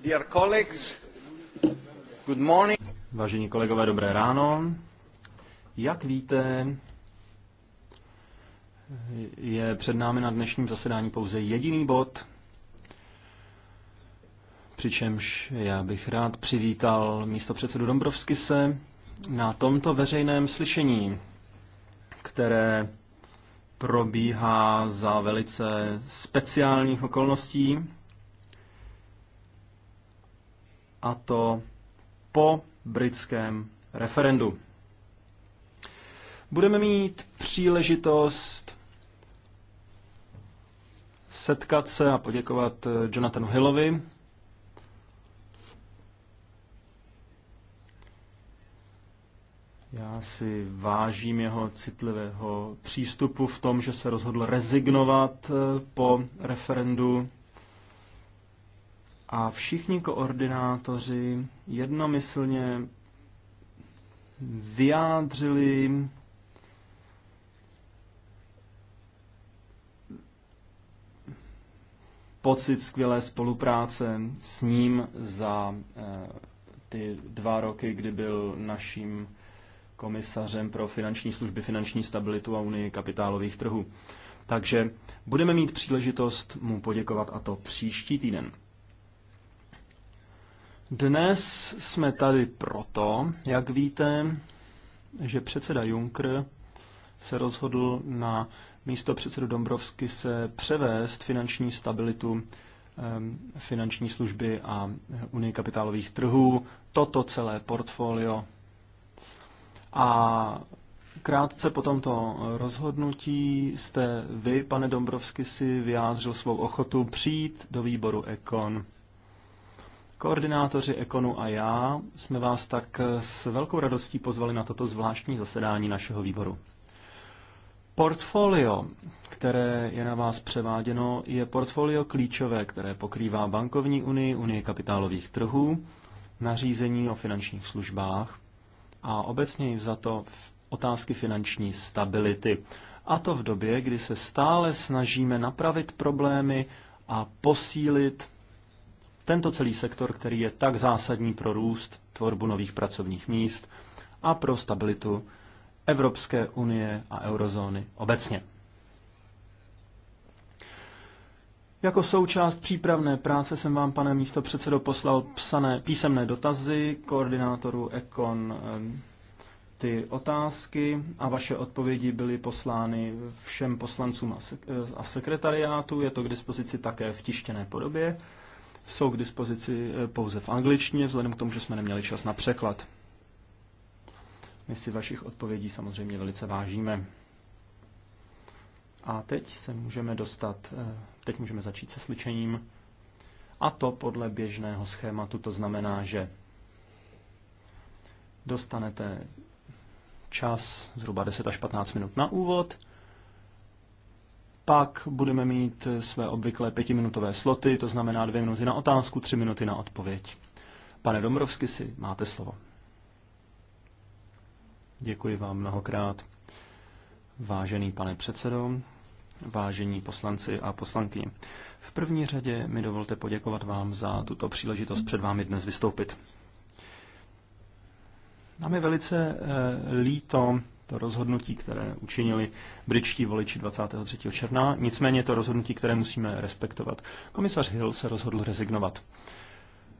Dear colleagues, good morning. Vážení kolegové, dobré ráno. Jak víte, je před námi na dnešním zasedání pouze jediný bod, přičemž já bych rád přivítal místo předsedu Dombrovskise na tomto veřejném slyšení, které probíhá za velice speciálních okolností a to po britském referendu. Budeme mít příležitost setkat se a poděkovat eh, Jonathanu Hillovi, Já si vážím jeho citlivého přístupu v tom, že se rozhodl rezignovat eh, po referendu a všichni koordinátoři jednomyslně vyjádřili pocit skvělé spolupráce s ním za eh, ty dva roky, kdy byl naším komisařem pro finanční služby, finanční stabilitu a unii kapitálových trhů. Takže budeme mít příležitost mu poděkovat a to příští týden. Dnes jsme tady proto, jak víte, že předseda Juncker se rozhodl na místo předsedu Dombrovsky se převést finanční stabilitu finanční služby a Unii kapitálových trhů, toto celé portfolio. A krátce po tomto rozhodnutí jste vy, pane Dombrovsky, si vyjádřil svou ochotu přijít do výboru Ekon Koordinátoři Ekonu a já jsme vás tak s velkou radostí pozvali na toto zvláštní zasedání našeho výboru. Portfolio, které je na vás převáděno, je portfolio klíčové, které pokrývá bankovní unii, unii kapitálových trhů, nařízení o finančních službách a obecně i za to otázky finanční stability. A to v době, kdy se stále snažíme napravit problémy a posílit tento celý sektor, který je tak zásadní pro růst, tvorbu nových pracovních míst a pro stabilitu Evropské unie a eurozóny obecně. Jako součást přípravné práce jsem vám, pane místo předsedo, poslal psané, písemné dotazy koordinátoru Ekon ehm, ty otázky a vaše odpovědi byly poslány všem poslancům a sekretariátu. Je to k dispozici také v tištěné podobě jsou k dispozici eh, pouze v angličtině, vzhledem k tomu, že jsme neměli čas na překlad. My si vašich odpovědí samozřejmě velice vážíme. A teď se můžeme dostat, eh, teď můžeme začít se sličením. A to podle běžného schématu, to znamená, že dostanete čas zhruba 10 až 15 minut na úvod, pak budeme mít své obvyklé pětiminutové sloty, to znamená dvě minuty na otázku, tři minuty na odpověď. Pane Domrovsky, si máte slovo. Děkuji vám mnohokrát. Vážený pane předsedo, vážení poslanci a poslankyni. V první řadě mi dovolte poděkovat vám za tuto příležitost před vámi dnes vystoupit. Nám je velice eh, líto to rozhodnutí, které učinili britští voliči 23. června, nicméně to rozhodnutí, které musíme respektovat. Komisař Hill se rozhodl rezignovat.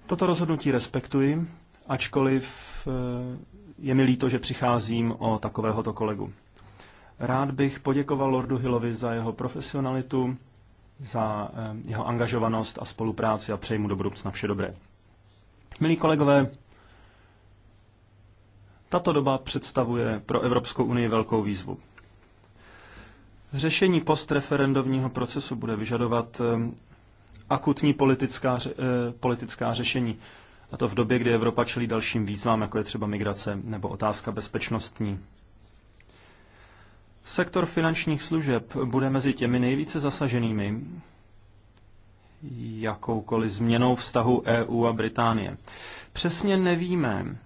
Toto rozhodnutí respektuji, ačkoliv eh, je mi líto, že přicházím o takovéhoto kolegu. Rád bych poděkoval Lordu Hillovi za jeho profesionalitu, za eh, jeho angažovanost a spolupráci a přeji mu do budoucna vše dobré. Milí kolegové, tato doba představuje pro Evropskou unii velkou výzvu. Řešení postreferendovního procesu bude vyžadovat ehm, akutní politická, eh, politická řešení. A to v době, kdy Evropa čelí dalším výzvám, jako je třeba migrace nebo otázka bezpečnostní. Sektor finančních služeb bude mezi těmi nejvíce zasaženými jakoukoliv změnou vztahu EU a Británie. Přesně nevíme,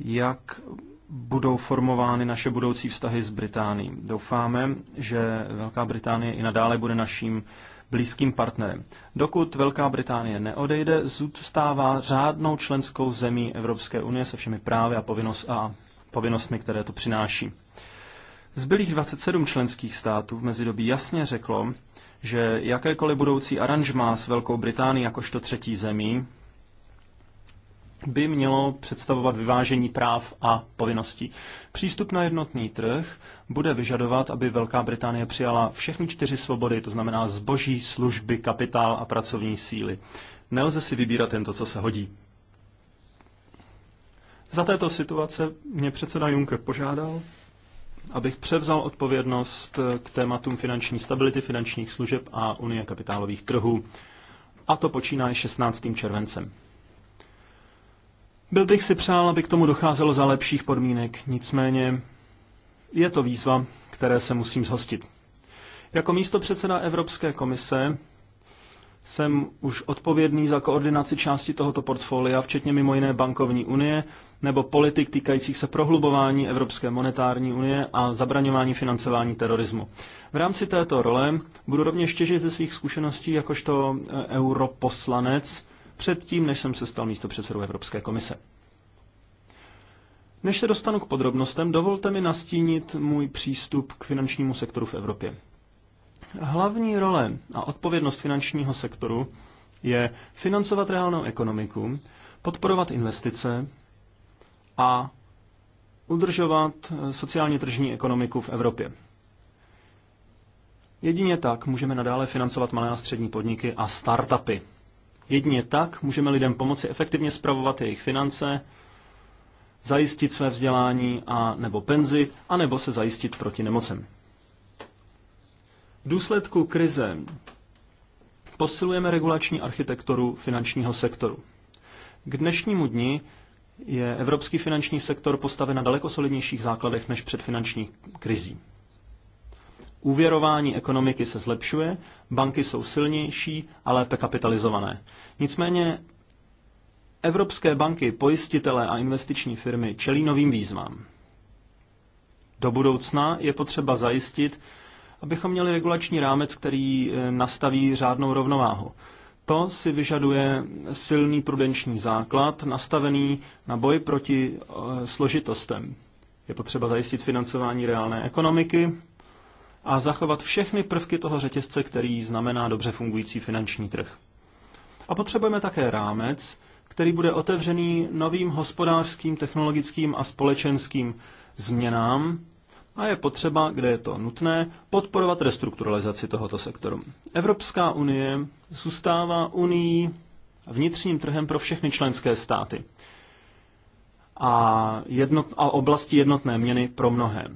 jak budou formovány naše budoucí vztahy s Británií. Doufáme, že Velká Británie i nadále bude naším blízkým partnerem. Dokud Velká Británie neodejde, zůstává řádnou členskou zemí Evropské unie se všemi právy a, povinnost a povinnostmi, které to přináší. Zbylých 27 členských států v mezidobí jasně řeklo, že jakékoliv budoucí aranžmá s Velkou Británií jakožto třetí zemí by mělo představovat vyvážení práv a povinností. Přístup na jednotný trh bude vyžadovat, aby Velká Británie přijala všechny čtyři svobody, to znamená zboží, služby, kapitál a pracovní síly. Nelze si vybírat jen to, co se hodí. Za této situace mě předseda Juncker požádal, abych převzal odpovědnost k tématům finanční stability, finančních služeb a Unie kapitálových trhů. A to počínaje 16. červencem. Byl bych si přál, aby k tomu docházelo za lepších podmínek, nicméně je to výzva, které se musím zhostit. Jako místo předseda Evropské komise jsem už odpovědný za koordinaci části tohoto portfolia, včetně mimo jiné bankovní unie nebo politik týkajících se prohlubování Evropské monetární unie a zabraňování financování terorismu. V rámci této role budu rovněž těžit ze svých zkušeností jakožto e, europoslanec předtím, než jsem se stal místo předsedou Evropské komise. Než se dostanu k podrobnostem, dovolte mi nastínit můj přístup k finančnímu sektoru v Evropě. Hlavní role a odpovědnost finančního sektoru je financovat reálnou ekonomiku, podporovat investice a udržovat sociálně tržní ekonomiku v Evropě. Jedině tak můžeme nadále financovat malé a střední podniky a startupy. Jedině tak můžeme lidem pomoci efektivně spravovat jejich finance, zajistit své vzdělání a nebo penzi, a nebo se zajistit proti nemocem. V důsledku krize posilujeme regulační architekturu finančního sektoru. K dnešnímu dni je evropský finanční sektor postaven na daleko solidnějších základech než před finanční krizí. Úvěrování ekonomiky se zlepšuje, banky jsou silnější a lépe kapitalizované. Nicméně evropské banky, pojistitele a investiční firmy čelí novým výzvám. Do budoucna je potřeba zajistit, abychom měli regulační rámec, který eh, nastaví řádnou rovnováhu. To si vyžaduje silný prudenční základ, nastavený na boj proti eh, složitostem. Je potřeba zajistit financování reálné ekonomiky, a zachovat všechny prvky toho řetězce, který znamená dobře fungující finanční trh. A potřebujeme také rámec, který bude otevřený novým hospodářským, technologickým a společenským změnám a je potřeba, kde je to nutné, podporovat restrukturalizaci tohoto sektoru. Evropská unie zůstává unii vnitřním trhem pro všechny členské státy a, jednot, a oblasti jednotné měny pro mnohé.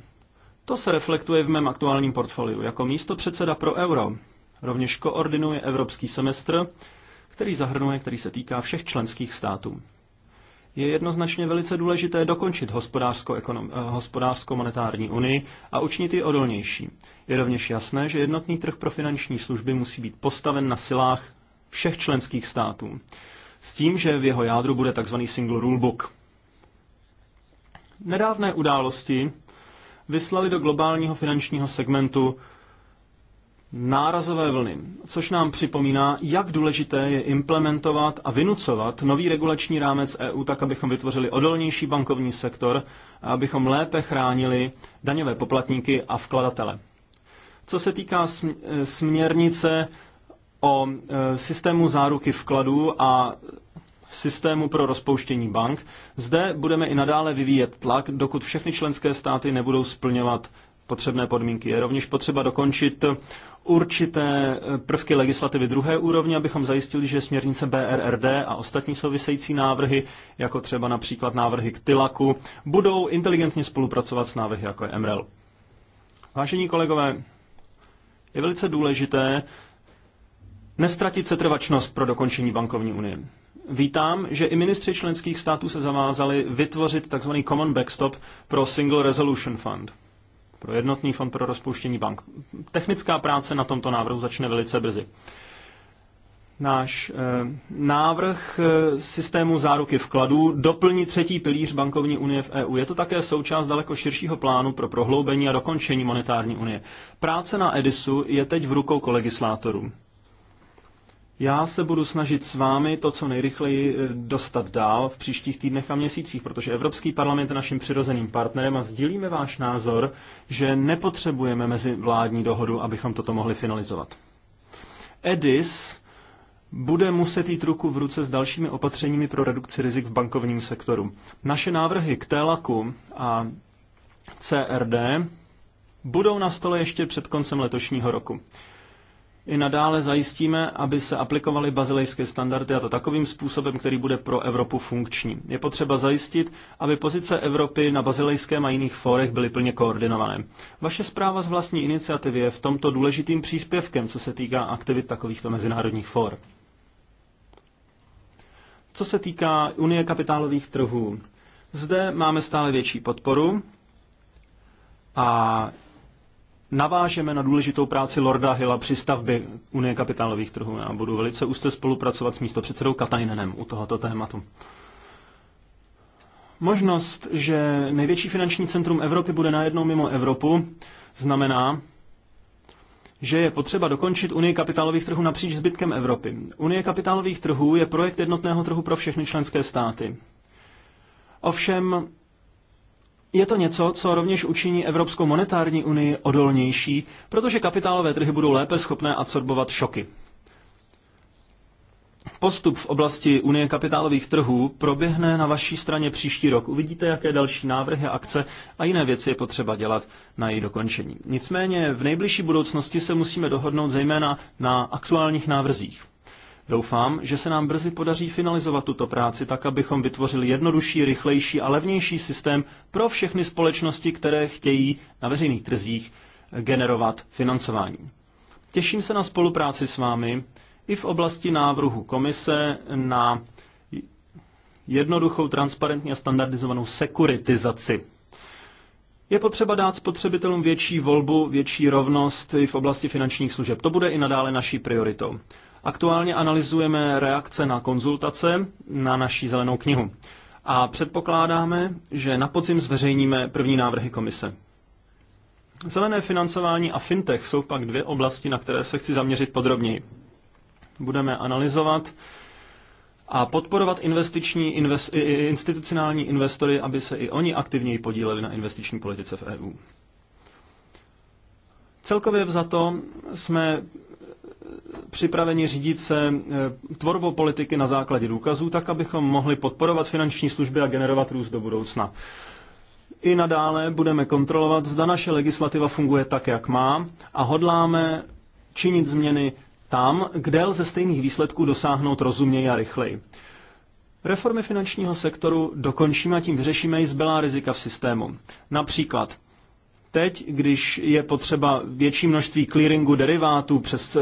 To se reflektuje v mém aktuálním portfoliu. Jako místo předseda pro euro rovněž koordinuje evropský semestr, který zahrnuje, který se týká všech členských států. Je jednoznačně velice důležité dokončit eh, hospodářsko-monetární unii a učinit ji odolnější. Je rovněž jasné, že jednotný trh pro finanční služby musí být postaven na silách všech členských států, s tím, že v jeho jádru bude tzv. single rulebook. Nedávné události vyslali do globálního finančního segmentu nárazové vlny, což nám připomíná, jak důležité je implementovat a vynucovat nový regulační rámec EU tak, abychom vytvořili odolnější bankovní sektor a abychom lépe chránili daňové poplatníky a vkladatele. Co se týká e, směrnice o e, systému záruky vkladů a systému pro rozpouštění bank. Zde budeme i nadále vyvíjet tlak, dokud všechny členské státy nebudou splňovat potřebné podmínky. Je rovněž potřeba dokončit určité eh, prvky legislativy druhé úrovně, abychom zajistili, že směrnice BRRD a ostatní související návrhy, jako třeba například návrhy k Tylaku, budou inteligentně spolupracovat s návrhy jako je MREL. Vážení kolegové, je velice důležité Nestratit se trvačnost pro dokončení bankovní unie. Vítám, že i ministři členských států se zavázali vytvořit tzv. common backstop pro Single Resolution Fund, pro jednotný fond pro rozpouštění bank. Technická práce na tomto návrhu začne velice brzy. Náš eh, návrh eh, systému záruky vkladů doplní třetí pilíř bankovní unie v EU. Je to také součást daleko širšího plánu pro prohloubení a dokončení monetární unie. Práce na Edisu je teď v rukou kolegislátorů. Já se budu snažit s vámi to, co nejrychleji eh, dostat dál v příštích týdnech a měsících, protože Evropský parlament je naším přirozeným partnerem a sdílíme váš názor, že nepotřebujeme mezi vládní dohodu, abychom toto mohli finalizovat. EDIS bude muset jít ruku v ruce s dalšími opatřeními pro redukci rizik v bankovním sektoru. Naše návrhy k TELAKu a CRD budou na stole ještě před koncem letošního roku. I nadále zajistíme, aby se aplikovaly bazilejské standardy a to takovým způsobem, který bude pro Evropu funkční. Je potřeba zajistit, aby pozice Evropy na bazilejském a jiných fórech byly plně koordinované. Vaše zpráva z vlastní iniciativy je v tomto důležitým příspěvkem, co se týká aktivit takovýchto mezinárodních fór. Co se týká Unie kapitálových trhů, zde máme stále větší podporu a navážeme na důležitou práci Lorda Hilla při stavbě Unie kapitálových trhů. Já budu velice úzce spolupracovat s místopředsedou Katajnenem u tohoto tématu. Možnost, že největší finanční centrum Evropy bude najednou mimo Evropu, znamená, že je potřeba dokončit Unii kapitálových trhů napříč zbytkem Evropy. Unie kapitálových trhů je projekt jednotného trhu pro všechny členské státy. Ovšem, je to něco, co rovněž učiní Evropskou monetární unii odolnější, protože kapitálové trhy budou lépe schopné absorbovat šoky. Postup v oblasti Unie kapitálových trhů proběhne na vaší straně příští rok. Uvidíte, jaké další návrhy, akce a jiné věci je potřeba dělat na její dokončení. Nicméně v nejbližší budoucnosti se musíme dohodnout zejména na aktuálních návrzích. Doufám, že se nám brzy podaří finalizovat tuto práci tak, abychom vytvořili jednodušší, rychlejší a levnější systém pro všechny společnosti, které chtějí na veřejných trzích generovat financování. Těším se na spolupráci s vámi i v oblasti návrhu komise na jednoduchou, transparentní a standardizovanou sekuritizaci. Je potřeba dát spotřebitelům větší volbu, větší rovnost i v oblasti finančních služeb. To bude i nadále naší prioritou. Aktuálně analyzujeme reakce na konzultace na naší zelenou knihu a předpokládáme, že na podzim zveřejníme první návrhy komise. Zelené financování a fintech jsou pak dvě oblasti, na které se chci zaměřit podrobněji. Budeme analyzovat a podporovat investiční invest, institucionální investory, aby se i oni aktivněji podíleli na investiční politice v EU. Celkově vzato jsme připraveni řídit se e, tvorbou politiky na základě důkazů, tak abychom mohli podporovat finanční služby a generovat růst do budoucna. I nadále budeme kontrolovat, zda naše legislativa funguje tak, jak má a hodláme činit změny tam, kde lze stejných výsledků dosáhnout rozumněji a rychleji. Reformy finančního sektoru dokončíme a tím vyřešíme i zbylá rizika v systému. Například teď, když je potřeba větší množství clearingu derivátů přes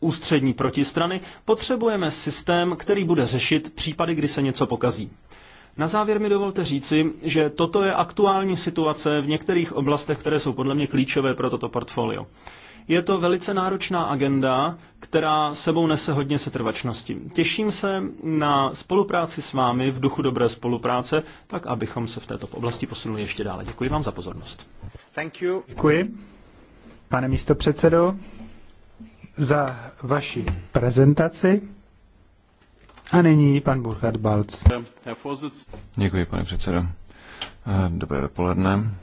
ústřední protistrany, potřebujeme systém, který bude řešit případy, kdy se něco pokazí. Na závěr mi dovolte říci, že toto je aktuální situace v některých oblastech, které jsou podle mě klíčové pro toto portfolio. Je to velice náročná agenda, která sebou nese hodně setrvačnosti. Těším se na spolupráci s vámi v duchu dobré spolupráce, tak abychom se v této oblasti posunuli ještě dále. Děkuji vám za pozornost. Thank you. Děkuji. Pane místo předsedo, za vaši prezentaci. A nyní pan Burkhard Balc. Děkuji, pane předsedo. Eh, dobré dopoledne.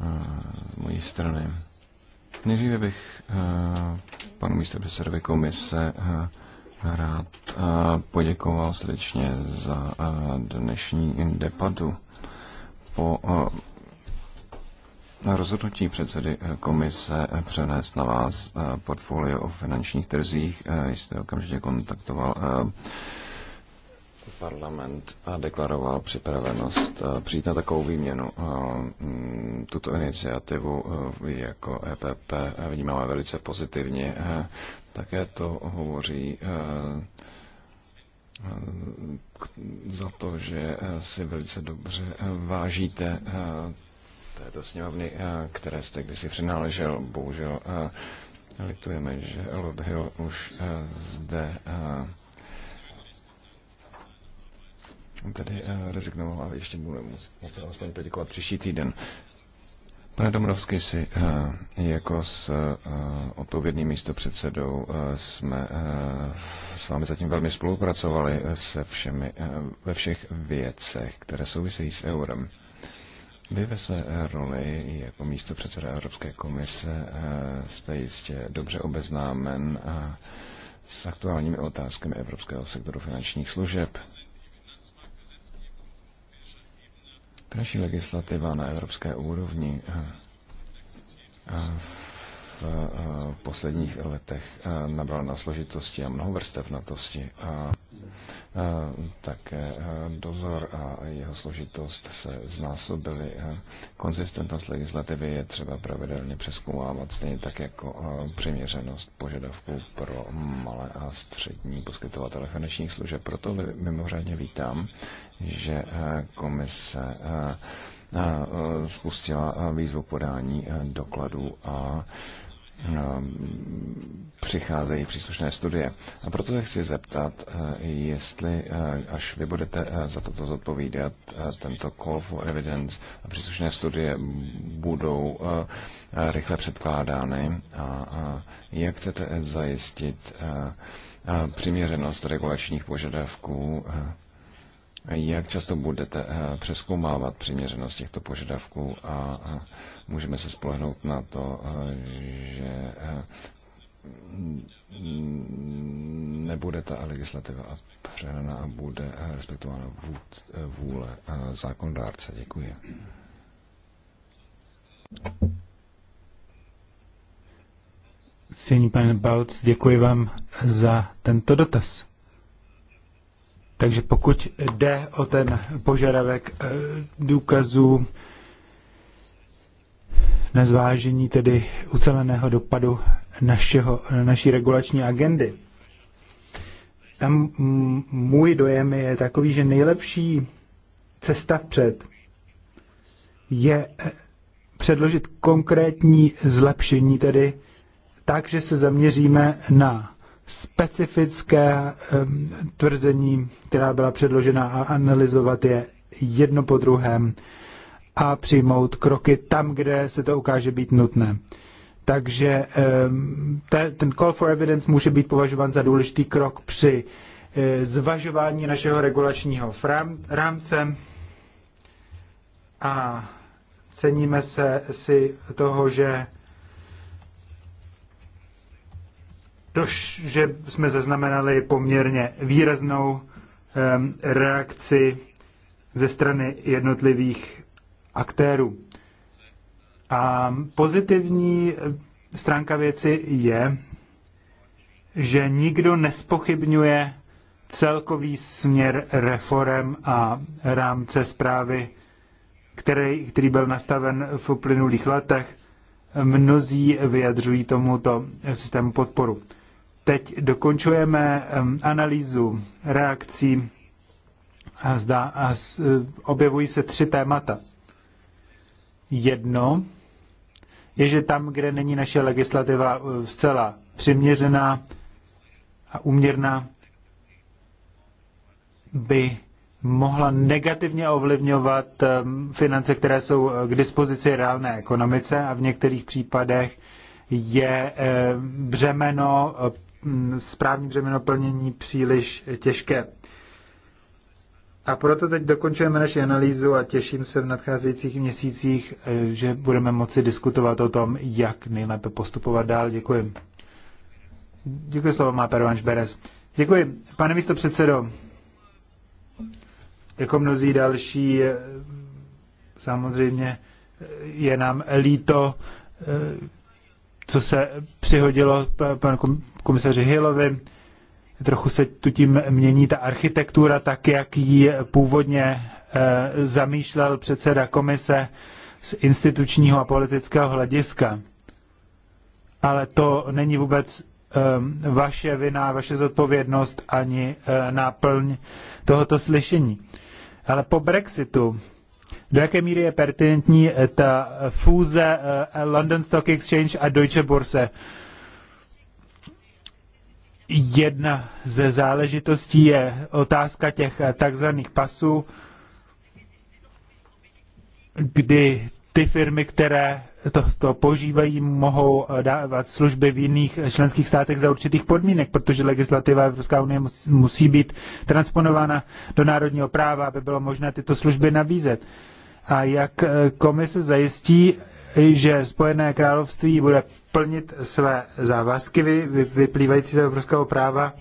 Eh, z mojí strany. Nejdříve bych eh, panu místopředsedovi komise rád poděkoval srdečně za dnešní debatu po Rozhodnutí předsedy eh, komise eh, přenést na vás eh, portfolio o finančních trzích jste okamžitě kontaktoval parlament a deklaroval připravenost přijít na takovou výměnu. Mm, tuto iniciativu jako EPP vnímáme velice pozitivně. Také to hovoří za to, že si velice dobře vážíte této sněmovny, eh, které jste kdysi přináležel. Bohužel eh, litujeme, že Lord Hill už eh, zde tedy rezignoval a ještě budeme moci alespoň predikovat příští týden. Pane Domrovský, si jako s odpovědným místopředsedou jsme s vámi zatím velmi spolupracovali se všemi, ve všech věcech, které souvisejí s eurem. Vy ve své eh, roli jako místo předseda Evropské komise eh, jste jistě dobře obeznámen eh, s aktuálními otázkami Evropského sektoru finančních služeb. Další legislativa na evropské úrovni v eh, posledních letech eh, nabral na složitosti a mnoho vrstevnatosti a eh, také dozor a jeho složitost se znásobily. Konzistentnost legislativy je třeba pravidelně přeskoumávat, stejně tak jako přiměřenost požadavků pro malé a střední poskytovatele finančních služeb. Proto mimořádně vítám, že komise spustila výzvu podání dokladů a Ehm, přicházejí příslušné studie. A proto se chci zeptat, eh, jestli eh, až vy budete eh, za toto zodpovídat, tento call for evidence a příslušné studie budou rychle předkládány a jak chcete zajistit přiměřenost regulačních požadavků jak často budete eh, přeskoumávat přiměřenost těchto požadavků a můžeme se spolehnout na to, eh, že eh, nebude ta legislativa přehnaná a bude respektována vůle zákondárce. Děkuji. Sění pane Balc, děkuji vám za tento dotaz. Takže pokud jde o ten požadavek eh, důkazů na zvážení tedy uceleného dopadu našeho, naší regulační agendy, tam můj dojem je takový, že nejlepší cesta vpřed je eh, předložit konkrétní zlepšení, tedy tak, že se zaměříme na specifické um, tvrzení, která byla předložena a analyzovat je jedno po druhém a přijmout kroky tam, kde se to ukáže být nutné. Takže um, te, ten call for evidence může být považován za důležitý krok při eh, zvažování našeho regulačního rámce a ceníme se si toho, že doš, že jsme zaznamenali poměrně výraznou um, reakci ze strany jednotlivých aktérů. A pozitivní eh, stránka věci je, že nikdo nespochybňuje celkový směr reform a rámce zprávy, který, který byl nastaven v uplynulých letech. Mnozí vyjadřují tomuto systému podporu. Teď dokončujeme analýzu reakcí a, zda a z e, objevují se tři témata. Jedno je, že tam, kde není naše legislativa e, zcela přiměřená a uměrná, by mohla negativně ovlivňovat finance, které jsou e, k dispozici reálné ekonomice a v některých případech je břemeno Mm, správní břemeno plnění příliš těžké. A proto teď dokončujeme naši analýzu a těším se v nadcházejících měsících, eh, že budeme moci diskutovat o tom, jak nejlépe postupovat dál. Děkuji. Děkuji slovo má Pervanš Beres. Děkuji. Pane místo předsedo, jako mnozí další, eh, samozřejmě eh, je nám líto co se přihodilo panu komisaři Hillovi. Trochu se tu tím mění ta architektura, tak jak ji původně e, zamýšlel předseda komise z institučního a politického hlediska. Ale to není vůbec e, vaše vina, vaše zodpovědnost ani e, náplň tohoto slyšení. Ale po Brexitu do jaké míry je pertinentní eh, ta fúze eh, London Stock Exchange a Deutsche Börse. Jedna ze záležitostí je otázka těch eh, takzvaných pasů, kdy ty firmy, které to, to používají, mohou dávat služby v jiných členských státech za určitých podmínek, protože legislativa Evropská unie musí být transponována do národního práva, aby bylo možné tyto služby nabízet. Uh, a jak eh, komise zajistí, že Spojené království bude plnit své závazky vyplývající z evropského práva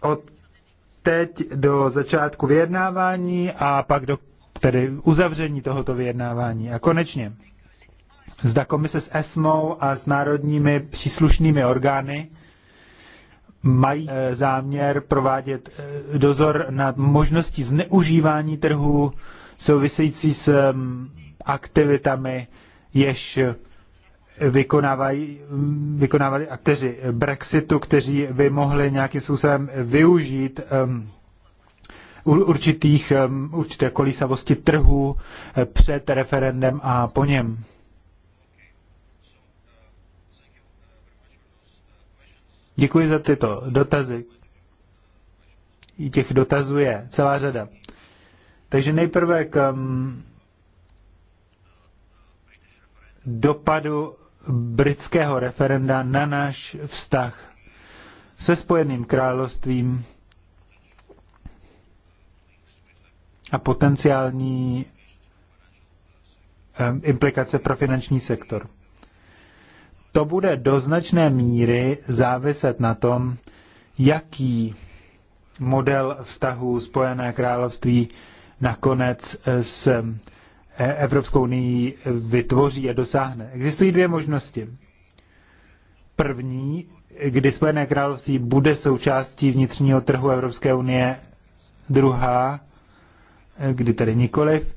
od teď do začátku vyjednávání a pak do tedy uzavření tohoto vyjednávání. A konečně, zda komise s ESMO a s národními příslušnými orgány mají eh, záměr provádět eh, dozor nad možností zneužívání trhu související s aktivitami, jež vykonávají, vykonávali akteři Brexitu, kteří by mohli nějakým způsobem využít určitých, určité kolísavosti trhu eh, před referendem a po něm. Děkuji za tyto dotazy. i Těch dotazů je celá řada. Takže nejprve k um, dopadu britského referenda na náš vztah se Spojeným královstvím a potenciální um, implikace pro finanční sektor. To bude do značné míry záviset na tom, jaký model vztahu Spojené království nakonec eh, s eh, Evropskou unii vytvoří a dosáhne. Existují dvě možnosti. První, kdy Spojené království bude součástí vnitřního trhu Evropské unie, druhá, eh, kdy tedy nikoliv.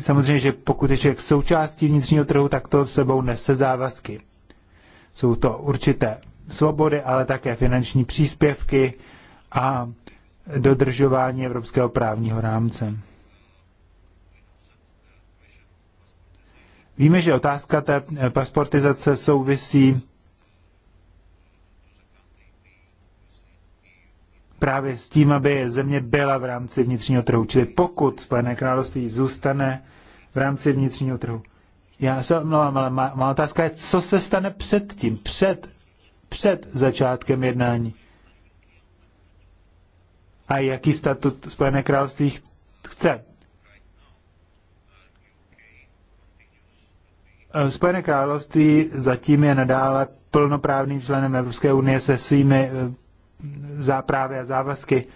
Samozřejmě, že pokud je člověk součástí vnitřního trhu, tak to sebou nese závazky. Jsou to určité svobody, ale také finanční příspěvky a dodržování evropského právního rámce. Víme, že otázka té pasportizace souvisí právě s tím, aby země byla v rámci vnitřního trhu. Čili pokud Spojené království zůstane v rámci vnitřního trhu. Já se omlouvám, ale má, má otázka je, co se stane před tím, před, před začátkem jednání a jaký statut Spojené království chce. Spojené království zatím je nadále plnoprávným členem Evropské unie se svými eh, záprávy a závazky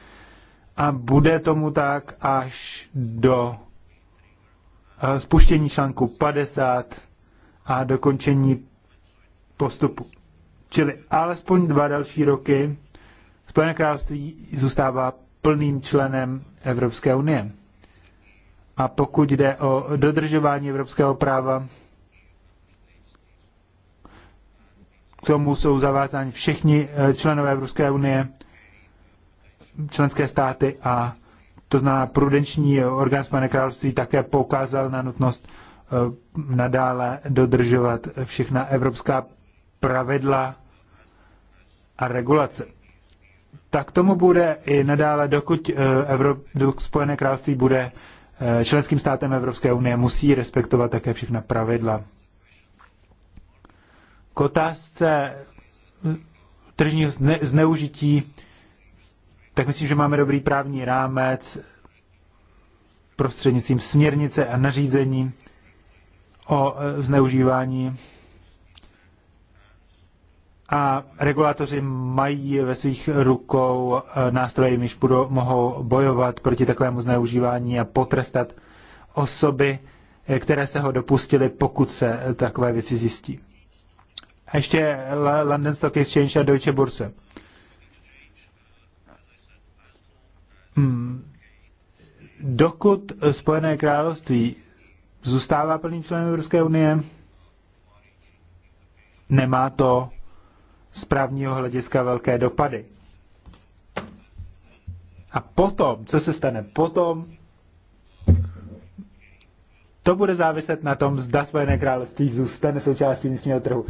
a bude tomu tak až do eh, spuštění článku 50 a dokončení postupu. Čili alespoň dva další roky Spojené království zůstává plným členem Evropské unie. A pokud jde o dodržování evropského práva, k tomu jsou zavázáni všichni eh, členové Evropské unie, členské státy a to znamená prudenční orgán Spojené království také poukázal na nutnost eh, nadále dodržovat všechna evropská pravidla a regulace tak tomu bude i nadále, dokud eh, Evrop, Spojené království bude eh, členským státem Evropské unie, musí respektovat také všechna pravidla. K otázce eh, tržního zne, zneužití, tak myslím, že máme dobrý právní rámec prostřednictvím směrnice a nařízení o zneužívání a regulátoři mají ve svých rukou eh, nástroje, jimiž mohou bojovat proti takovému zneužívání a potrestat osoby, eh, které se ho dopustily, pokud se eh, takové věci zjistí. A ještě London Stock Exchange a Deutsche Börse. Hmm. Dokud Spojené království zůstává plným členem Evropské unie, nemá to z právního hlediska velké dopady. A potom, co se stane potom, to bude záviset na tom, zda Spojené království zůstane součástí vnitřního trhu.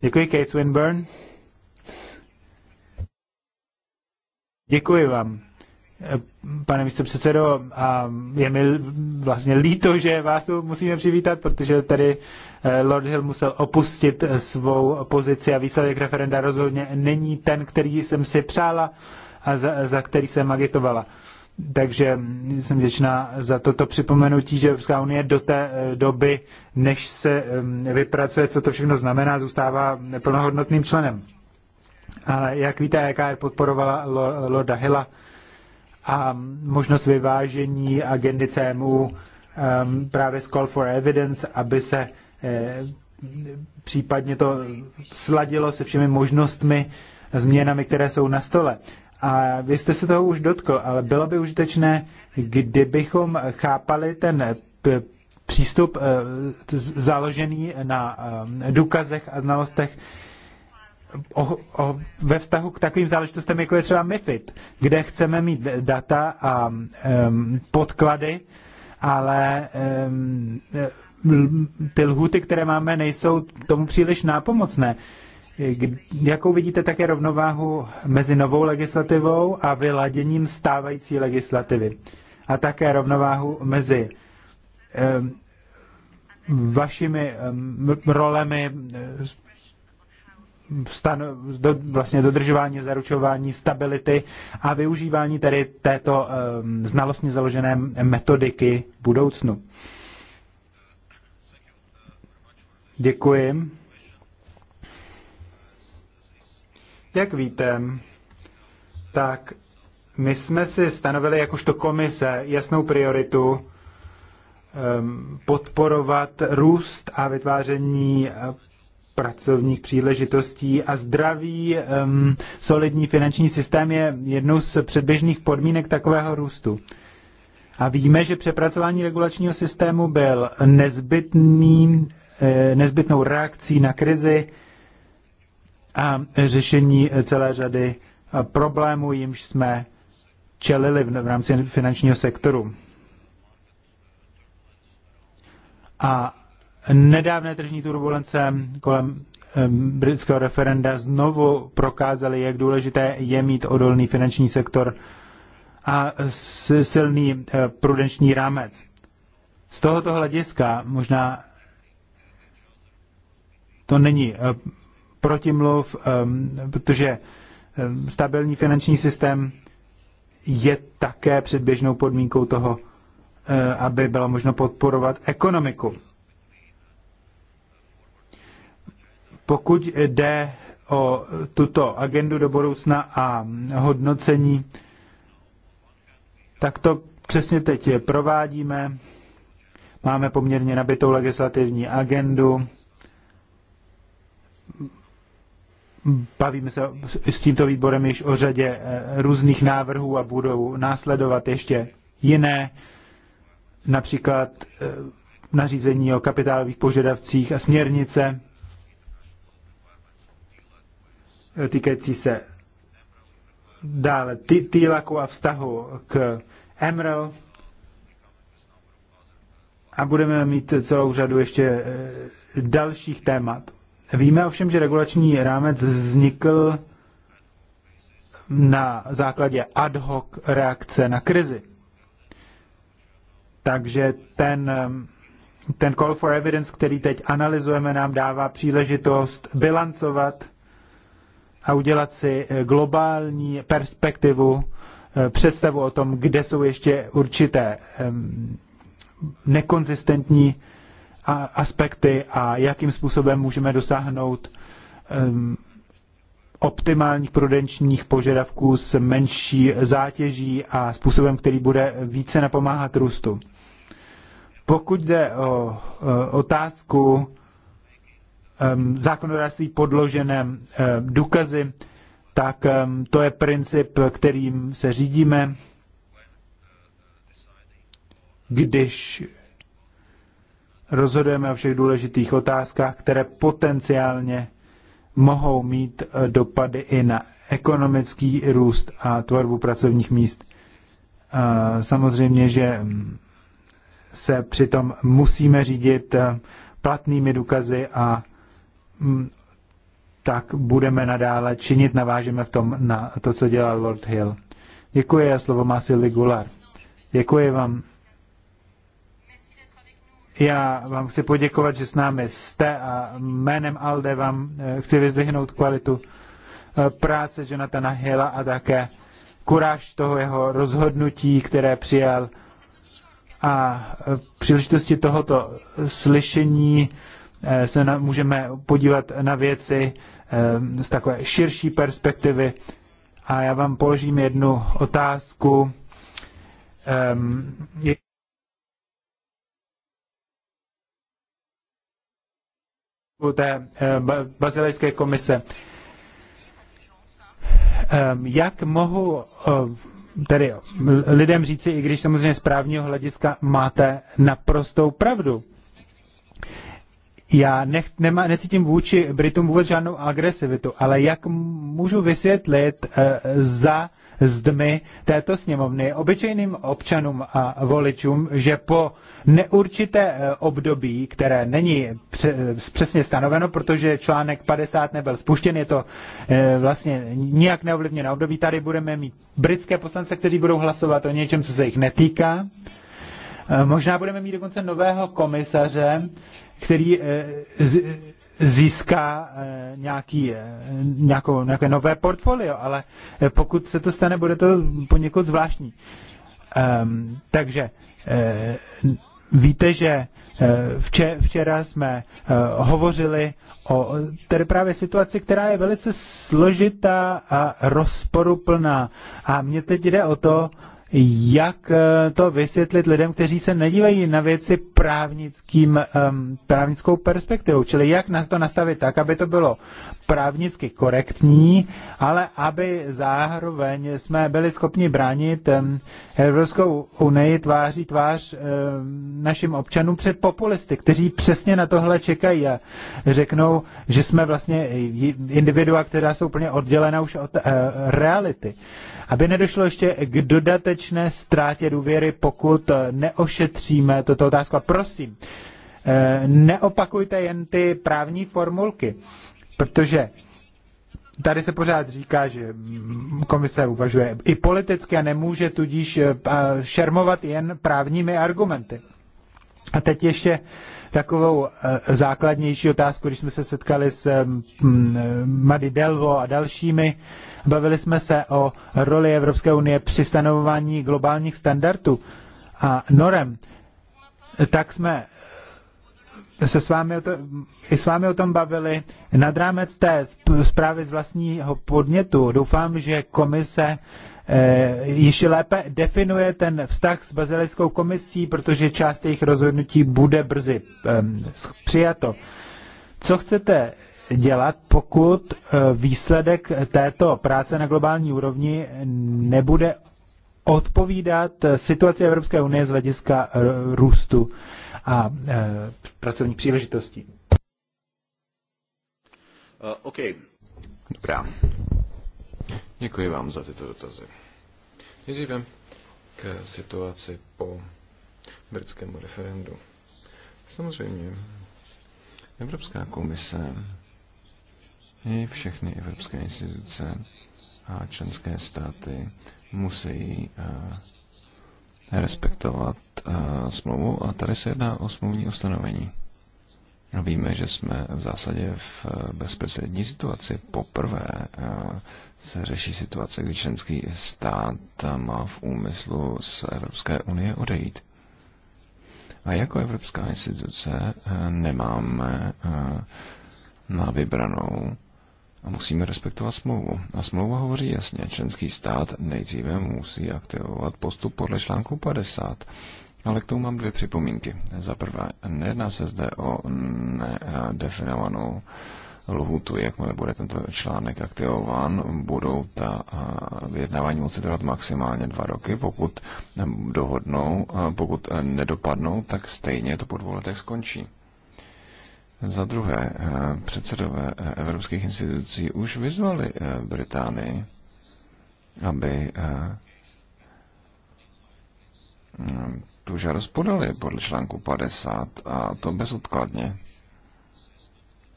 Děkuji, Kate Swinburne. Děkuji vám pane předsedo, a je mi vlastně líto, že vás tu musíme přivítat, protože tady eh, Lord Hill musel opustit eh, svou pozici a výsledek referenda rozhodně není ten, který jsem si přála a za, za který jsem agitovala. Takže jsem vděčná za toto připomenutí, že Evropská unie do té eh, doby, než se vypracuje, co to všechno znamená, zůstává plnohodnotným členem. Ale jak víte, jaká je podporovala Lorda Hilla, a možnost vyvážení agendy CMU um, právě z Call for Evidence, aby se eh, případně to sladilo se všemi možnostmi, změnami, které jsou na stole. A vy jste se toho už dotkl, ale bylo by užitečné, kdybychom chápali ten přístup eh, založený na eh, důkazech a znalostech o, o, ve vztahu k takovým záležitostem, jako je třeba MIFID, kde chceme mít data a um, podklady, ale um, ty lhuty, které máme, nejsou tomu příliš nápomocné. Jakou vidíte také rovnováhu mezi novou legislativou a vyladěním stávající legislativy? A také rovnováhu mezi um, vašimi um, rolemi stan, do, vlastně dodržování, zaručování stability a využívání tedy této um, znalostně založené metodiky v budoucnu. Děkuji. Jak víte, tak my jsme si stanovili jakožto komise jasnou prioritu ehm, podporovat růst a vytváření pracovních příležitostí a zdravý, um, solidní finanční systém je jednou z předběžných podmínek takového růstu. A víme, že přepracování regulačního systému byl nezbytný, eh, nezbytnou reakcí na krizi a řešení celé řady eh, problémů, jimž jsme čelili v rámci finančního sektoru. A Nedávné tržní turbulence kolem britského referenda znovu prokázaly, jak důležité je mít odolný finanční sektor a silný eh, prudenční rámec. Z tohoto hlediska možná to není eh, protimluv, protože stabilní finanční systém je také předběžnou podmínkou toho, eh, aby bylo možno podporovat ekonomiku. Pokud jde o tuto agendu do budoucna a hodnocení, tak to přesně teď provádíme. Máme poměrně nabitou legislativní agendu. Bavíme se s tímto výborem již o řadě eh, různých návrhů a budou následovat ještě jiné, například eh, nařízení o kapitálových požadavcích a směrnice týkající se dále týlaku a vztahu k Emerald. A budeme mít celou řadu ještě eh, dalších témat. Víme ovšem, že regulační rámec vznikl na základě ad hoc reakce na krizi. Takže ten, ten call for evidence, který teď analyzujeme, nám dává příležitost bilancovat a udělat si eh, globální perspektivu, eh, představu o tom, kde jsou ještě určité nekonzistentní aspekty a jakým způsobem můžeme dosáhnout optimálních prudenčních požadavků s menší zátěží a způsobem, který bude více napomáhat růstu. Pokud jde o eh, otázku Um, zákonodárství podložené um, důkazy, tak um, to je princip, kterým se řídíme, když rozhodujeme o všech důležitých otázkách, které potenciálně mohou mít uh, dopady i na ekonomický růst a tvorbu pracovních míst. Uh, samozřejmě, že se přitom musíme řídit uh, platnými důkazy a Mm, tak budeme nadále činit, navážeme v tom na to, co dělal Lord Hill. Děkuji a slovo má Silvi Gular. Děkuji vám. Já vám chci poděkovat, že s námi jste a jménem Alde vám eh, chci vyzdvihnout kvalitu eh, práce Jonathana Hilla a také kuráž toho jeho rozhodnutí, které přijal a eh, příležitosti tohoto slyšení Eh, se na, můžeme podívat na věci eh, z takové širší perspektivy. A já vám položím jednu otázku. Ehm, je... té eh, bazilejské komise. Ehm, jak mohu tedy lidem říci, i když samozřejmě z právního hlediska máte naprostou pravdu, já nech, nema, necítím vůči Britům vůbec žádnou agresivitu, ale jak můžu vysvětlit uh, za zdmi této sněmovny obyčejným občanům a voličům, že po neurčité eh, období, které není eh, přesně stanoveno, protože článek 50 nebyl spuštěn, je to vlastně nijak neovlivněné období, tady budeme mít britské poslance, kteří budou hlasovat o něčem, co se jich netýká. možná budeme mít dokonce nového komisaře, který eh, získá eh, nějaký, eh, nějakou, nějaké nové portfolio, ale pokud se to stane, bude to poněkud zvláštní. Ehm, takže víte, že včera jsme hovořili o tedy právě situaci, která je velice složitá a rozporuplná. A mně teď jde o to, jak eh, to vysvětlit lidem, kteří se nedívají na věci právnickým, právnickou perspektivou, čili jak na to nastavit tak, aby to bylo právnicky korektní, ale aby zároveň jsme byli schopni bránit Evropskou unii tváří tvář našim občanům před populisty, kteří přesně na tohle čekají a řeknou, že jsme vlastně individua, která jsou úplně oddělena už od eh, reality. Aby nedošlo ještě k dodatečnému skutečné ztrátě důvěry, pokud eh, neošetříme toto otázku. A prosím, eh, neopakujte jen ty právní formulky, protože tady se pořád říká, že mm, komise uvažuje i politicky a nemůže tudíž eh, šermovat jen právními argumenty. A teď ještě takovou eh, základnější otázku, když jsme se setkali s eh, eh, Mady Delvo a dalšími. Bavili jsme se o roli Evropské unie při stanovování globálních standardů a norem. Tak jsme se s vámi, to, i s vámi o tom bavili. Nad rámec té zprávy z vlastního podnětu doufám, že komise Eh, již lépe definuje ten vztah s bazilickou komisí, protože část jejich rozhodnutí bude brzy přijato. Co chcete dělat, pokud eh, výsledek této práce na globální úrovni nebude odpovídat eh, situaci Evropské unie z hlediska růstu a pracovních příležitostí? Uh, okay. Dobrá. Děkuji vám za tyto dotazy. Nejdříve k situaci po britskému referendu. Samozřejmě, Evropská komise i všechny evropské instituce a členské státy musí eh, respektovat eh, smlouvu a tady se jedná o smlouvní ustanovení. Víme, že jsme v zásadě v eh, bezprecedentní situaci. Poprvé eh, se řeší situace, kdy členský stát má v úmyslu z Evropské unie odejít. A jako evropská instituce eh, nemáme na vybranou a musíme respektovat smlouvu. A smlouva hovoří jasně, členský stát nejdříve musí aktivovat postup podle článku 50 ale k tomu mám dvě připomínky. Za prvé, nejedná se zde o nedefinovanou lhutu, jakmile bude tento článek aktivován, budou ta vyjednávání moci trvat maximálně dva roky. Pokud dohodnou, pokud nedopadnou, tak stejně to po dvou letech skončí. Za druhé, předsedové evropských institucí už vyzvali Británii, aby tu žádost podali podle článku 50 a to bezodkladně.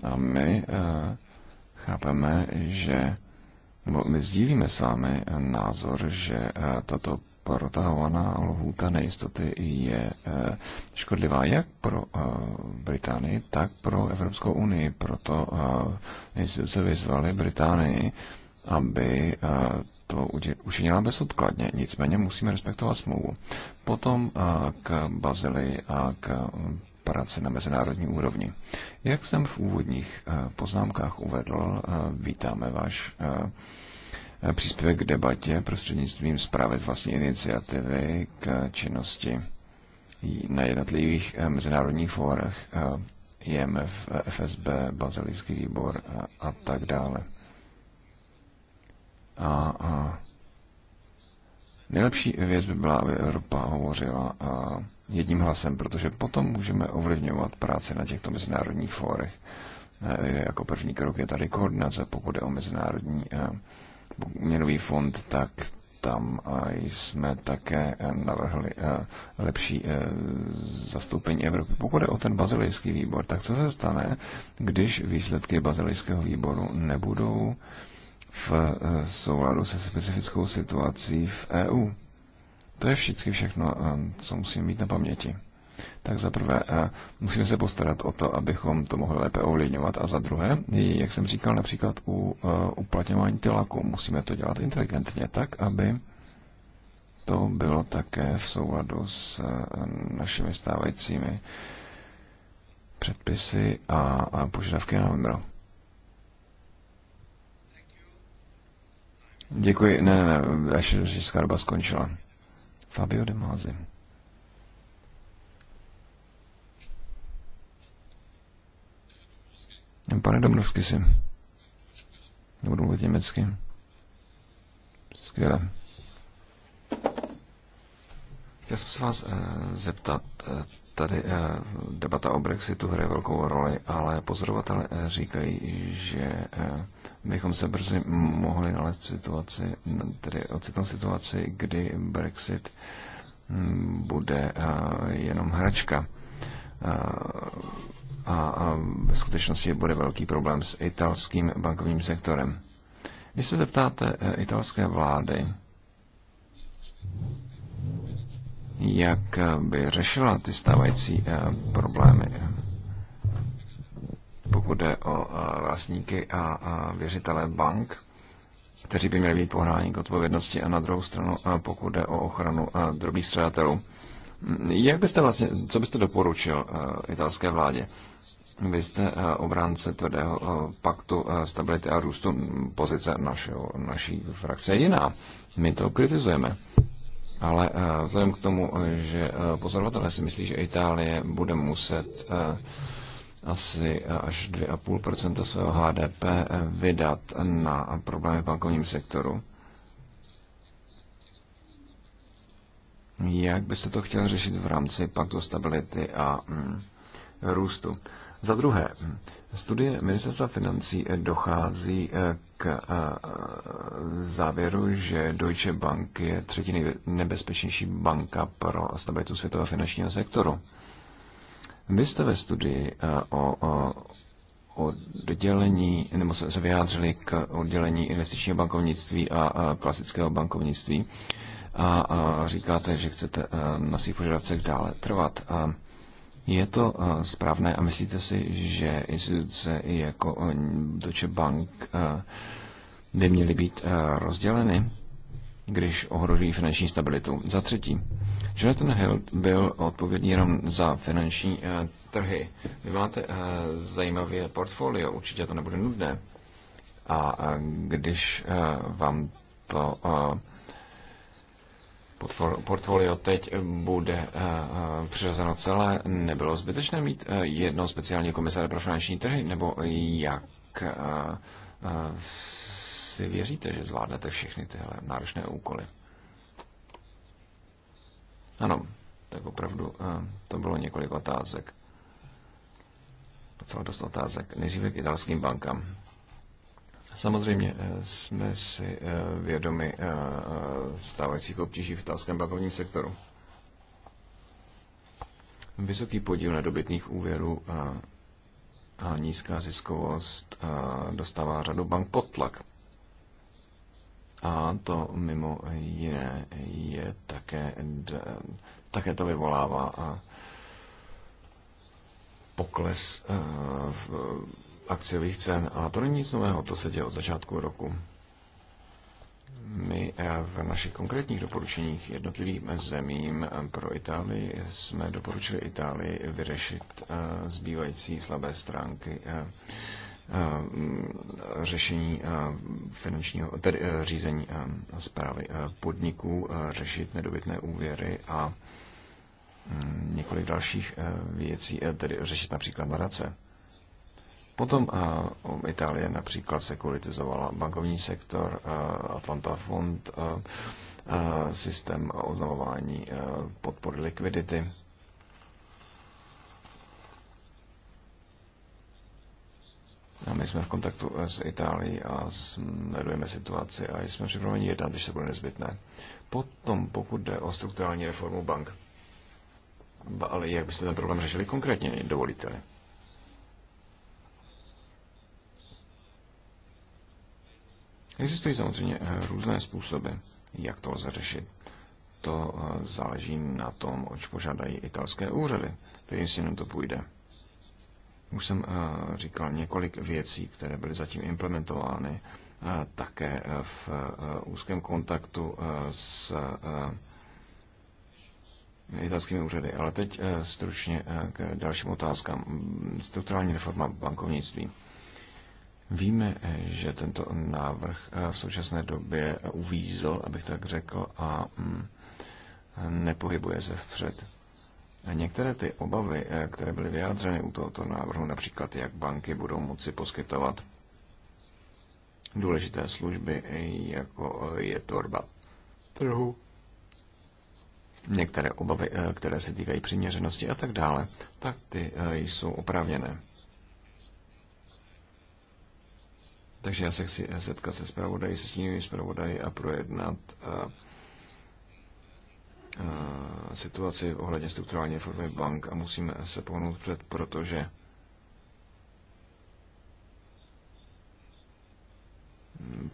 A my uh, chápeme, že, nebo my sdílíme s vámi názor, že uh, tato protahovaná lhůta nejistoty je eh, škodlivá jak pro Británii, tak pro Evropskou unii. Proto instituce vyzvali Británii, aby to učinila bezodkladně, nicméně musíme respektovat smlouvu. Potom k Bazili a k um, práci na mezinárodní úrovni. Jak jsem v úvodních poznámkách uvedl, vítáme váš příspěvek k debatě prostřednictvím zprávy z vlastní iniciativy k činnosti na jednotlivých e, mezinárodních fórech e, IMF, FSB, Bazilijský výbor a tak dále. A, a nejlepší věc by byla, aby Evropa hovořila a jedním hlasem, protože potom můžeme ovlivňovat práci na těchto mezinárodních fórech. Jako první krok je tady koordinace, pokud je o mezinárodní měnový fond, tak tam a jsme také navrhli lepší e, zastoupení Evropy. Pokud je o ten bazilijský výbor, tak co se stane, když výsledky bazilijského výboru nebudou v eh, souladu se specifickou situací v EU. To je vždycky všechno, eh, co musíme mít na paměti. Tak za prvé, eh, musíme se postarat o to, abychom to mohli lépe ovlivňovat. A za druhé, jak jsem říkal, například u uplatňování tylaku, musíme to dělat inteligentně tak, aby to bylo také v souladu s našimi stávajícími předpisy a požadavky na MRO. Děkuji, ne, ne, ne, až řečnická doba skončila. Fabio de Mázi. Pane Dobrovsky si. Nebudu mluvit německy. Skvěle. Chtěl jsem se vás e, zeptat, eh, tady e, debata o Brexitu hraje velkou roli, ale pozorovatelé e, říkají, že e, bychom se brzy mohli nalézt v situaci, tedy ocitnout situaci, kdy Brexit mm, bude jenom hračka. A ve skutečnosti bude velký problém s italským bankovním sektorem. Když se zeptáte e, italské vlády, jak by řešila ty stávající e, problémy pokud jde o vlastníky a, věřitele bank, kteří by měli být pohráni k odpovědnosti a na druhou stranu, pokud jde o ochranu drobných střadatelů. Jak byste vlastně, co byste doporučil italské vládě? Vy jste obránce tvrdého paktu stability a růstu. Pozice našeho, naší frakce je jiná. My to kritizujeme. Ale vzhledem k tomu, že pozorovatelé si myslí, že Itálie bude muset asi až 2,5 svého HDP vydat na problémy v bankovním sektoru. Jak byste to chtěl řešit v rámci paktu stability a mm, růstu? Za druhé, studie ministerstva financí dochází eh, k eh, závěru, že Deutsche Bank je třetí nebezpečnější banka pro stabilitu světového finančního sektoru. Vy jste ve studii eh, o, o oddělení, nebo se, se vyjádřili k oddělení investičního bankovnictví a, a klasického bankovnictví a, a říkáte, že chcete eh, na svých požadavcech dále trvat. A je to eh, správné a myslíte si, že instituce jako Deutsche Bank by měly být rozděleny, když ohrožují finanční stabilitu? Za třetí, Jonathan Hilt byl odpovědný jenom za finanční eh, trhy. Vy máte eh, zajímavé portfolio, určitě to nebude nudné. A když eh, vám to portfolio teď bude přiřazeno celé, nebylo zbytečné mít jedno speciální komisáře pro finanční trhy, nebo jak si věříte, že zvládnete všechny tyhle náročné úkoly? Ano, tak opravdu eh, to bylo několik otázek. Docela dost otázek. Nejdříve k italským bankám. Samozřejmě eh, jsme si eh, vědomi stávajících obtíží v italském bankovním sektoru. Vysoký podíl nedobytných úvěrů a nízká ziskovost dostává řadu bank pod tlak. A to mimo jiné je také, také to vyvolává pokles e, v akciových cen. A to není nic nového, to se děje od začátku roku. My e, v našich konkrétních doporučeních jednotlivým zemím e, pro Itálii jsme doporučili Itálii vyřešit zbývající slabé stránky Mm, řešení finančního, tedy e, řízení zprávy e, podniků, e, řešit nedobytné úvěry a mm, několik dalších věcí, tedy řešit například nadace. Potom Itálie například sekuritizovala bankovní sektor, Atlanta fond, systém oznamování podpory likvidity A my jsme v kontaktu eh, s Itálií a sledujeme situaci a jsme připraveni jednat, když se bude nezbytné. Potom, pokud jde o strukturální reformu bank, ale jak byste ten problém řešili konkrétně, dovolíte-li? Existují samozřejmě eh, různé způsoby, jak to lze řešit. To eh, záleží na tom, oč požádají italské úřady, kterým jenom to půjde. Už jsem eh, říkal několik věcí, které byly zatím implementovány eh, také eh, v úzkém kontaktu s italskými úřady. Ale teď stručně k dalším otázkám. Strukturální reforma bankovnictví. Víme, že tento návrh v současné době uvízl, abych tak řekl, a mm, nepohybuje se vpřed. Některé ty obavy, eh, které byly vyjádřeny u tohoto návrhu, například jak banky budou moci poskytovat důležité služby, eh, jako eh, je torba trhu, některé obavy, které se týkají přiměřenosti a tak dále, tak ty jsou oprávněné. Takže já se chci setkat se zpravodají, se nimi zpravodají a projednat Eh, situaci ohledně strukturální formy bank a musíme se pohnout před, protože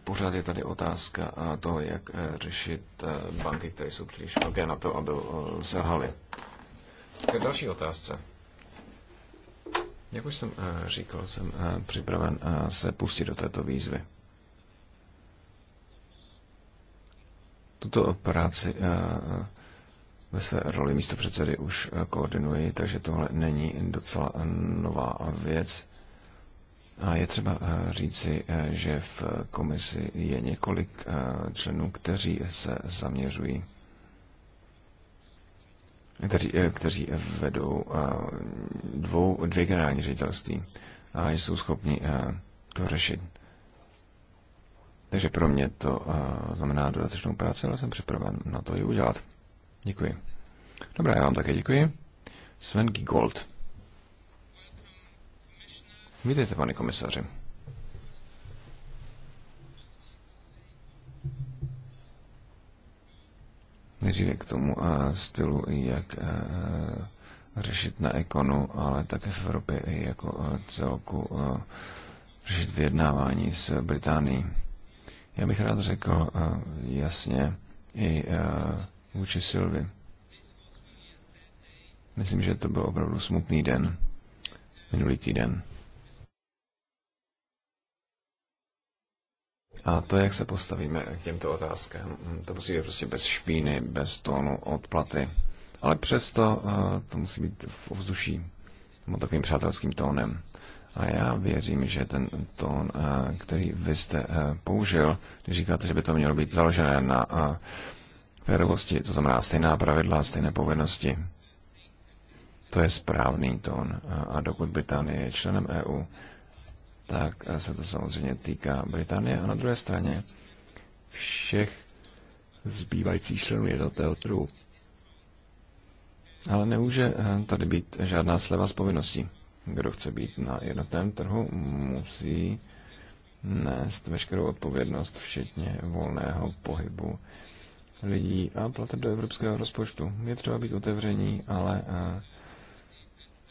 pořád je tady otázka toho, jak eh, řešit eh, banky, které jsou příliš velké na to, aby selhaly. K další otázce. Jak už jsem říkal, jsem připraven se pustit do této výzvy. Tuto práci ve své roli místo předsedy už eh, koordinuji, takže tohle není docela eh, nová věc. A je třeba eh, říci, že v komisi je několik členů, kteří se zaměřují, kteří, kteří vedou dvou, dvě generální ředitelství a jsou schopni to řešit. Takže pro mě to znamená dodatečnou práci, ale jsem připraven na to ji udělat. Děkuji. Dobrá, já vám také děkuji. Sven Gold. Vítejte, pane komisaři. Nejdříve k tomu uh, stylu, jak uh, řešit na ekonu, ale také v Evropě i jako uh, celku uh, řešit vyjednávání s Británií. Já bych rád řekl uh, jasně i uh, vůči Silvi. Myslím, že to byl opravdu smutný den, minulý týden. A to, jak se postavíme k těmto otázkám, mm, to musí být prostě bez špíny, bez tónu odplaty. Ale přesto eh, to musí být v ovzduší, takovým přátelským tónem. A já věřím, že ten tón, eh, který vy jste eh, použil, když říkáte, že by to mělo být založené na férovosti, to znamená stejná pravidla, stejné povinnosti. To je správný tón. A dokud Británie je členem EU, tak se to samozřejmě týká Británie a na druhé straně všech zbývajících členů je jednotného trhu. Ale nemůže eh, tady být žádná sleva z povinností. Kdo chce být na jednotném trhu, musí nést veškerou odpovědnost, včetně volného pohybu lidí a platit do evropského rozpočtu. Je třeba být otevření, ale eh,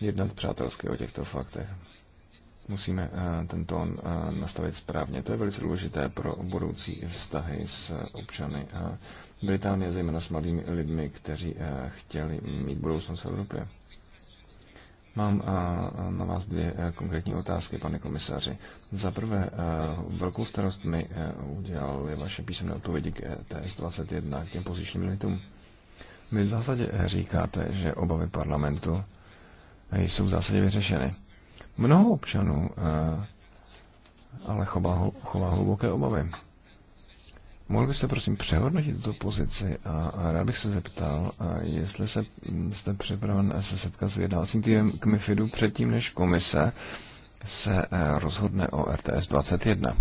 jednat přátelsky o těchto faktech. Musíme eh, ten tón eh, nastavit správně. To je velice důležité pro budoucí vztahy s občany Británie, zejména s mladými lidmi, kteří chtěli mít budoucnost v Evropě. Mám eh, na vás dvě eh, konkrétní otázky, pane komisaři. Za prvé, eh, velkou starost mi udělaly vaše písemné odpovědi k ETS 21, k těm pozičním limitům. Vy v zásadě říkáte, že obavy parlamentu jsou v zásadě vyřešeny. Mnoho občanů ale chová, chová hluboké obavy. Mohl byste prosím přehodnotit tuto pozici a, a rád bych se zeptal, jestli se, mm, jste připraven se setkat s vyjednávacím týmem k MIFIDu předtím, než komise se eh, rozhodne o RTS 21.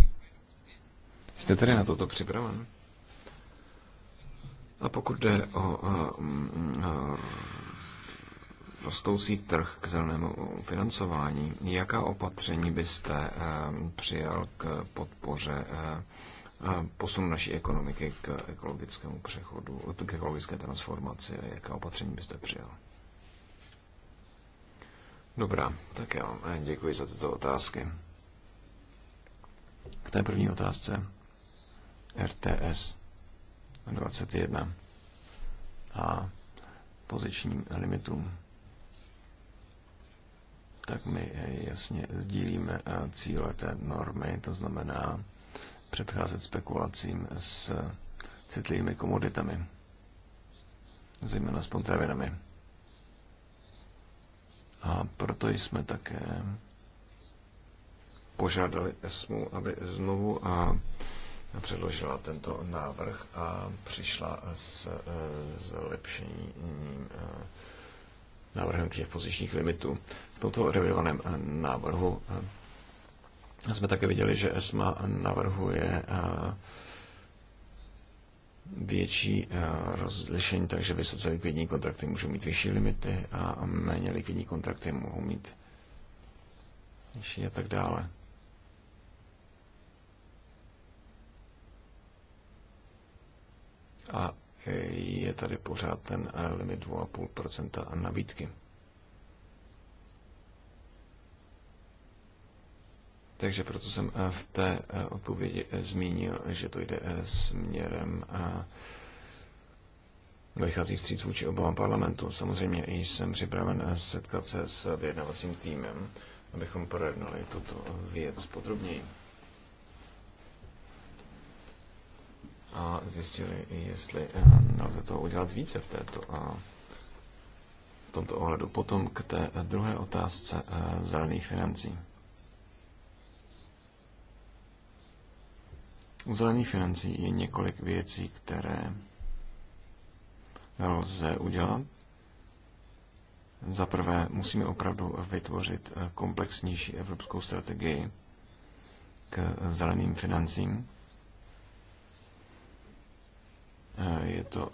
Jste tedy na toto připraven? A pokud jde o a, mm, a, rostoucí trh k zelenému financování, jaká opatření byste a, eh, přijal k podpoře a, eh, posun naší ekonomiky k ekologickému přechodu, k ekologické transformaci a jaká opatření byste přijal? Dobrá, tak jo, eh, děkuji za tyto otázky. K té první otázce. RTS 21 a pozičním limitům. Tak my eh, jasně sdílíme eh, cíle té normy, to znamená předcházet spekulacím s citlivými komoditami, zejména s potravinami. A proto jsme také požádali ESMU, aby znovu a předložila tento návrh a přišla s e, zlepšením e, návrhem těch pozičních limitů. V tomto revidovaném e, návrhu jsme také viděli, že ESMA navrhuje eh, větší eh, rozlišení, takže vysoce likvidní kontrakty můžou mít vyšší limity a méně likvidní kontrakty mohou mít nižší a tak dále. A je tady pořád ten limit 2,5% nabídky. Takže proto jsem eh, v té eh, odpovědi eh, zmínil, že to jde směrem a vychází vstříc vůči obavám parlamentu. Samozřejmě jsem připraven setkat se s vyjednavacím týmem, abychom projednali tuto věc podrobněji. A zjistili, jestli nelze to udělat více v této v tomto ohledu. Potom k té druhé otázce zelených financí. U zelených financí je několik věcí, které lze udělat. Za prvé, musíme opravdu vytvořit eh, komplexnější evropskou strategii k eh, zeleným financím. Eh, je to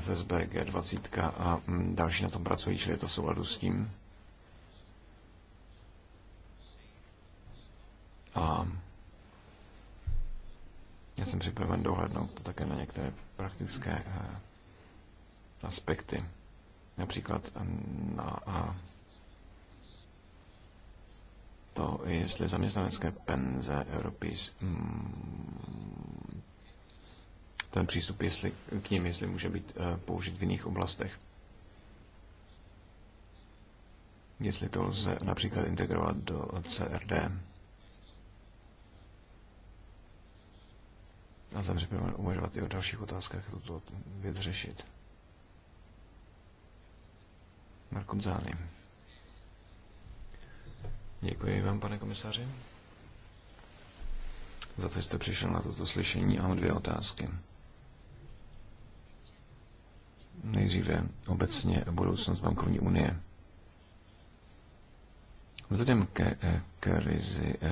FSB G20 a mm, další na tom pracují, čili je to v souladu s tím. A já jsem připraven dohlednout také na některé praktické eh, aspekty. Například eh, na to, jestli zaměstnanecké penze Europis, mm, ten přístup jestli, k ním, jestli může být eh, použit v jiných oblastech. Jestli to lze například integrovat do CRD. A samozřejmě budeme uvažovat i o dalších otázkách, jak tuto věc řešit. Marko Zány. Děkuji vám, pane komisaři, za to, že jste přišel na toto slyšení. Mám dvě otázky. Nejdříve obecně budoucnost bankovní unie. Vzhledem ke eh, krizi eh,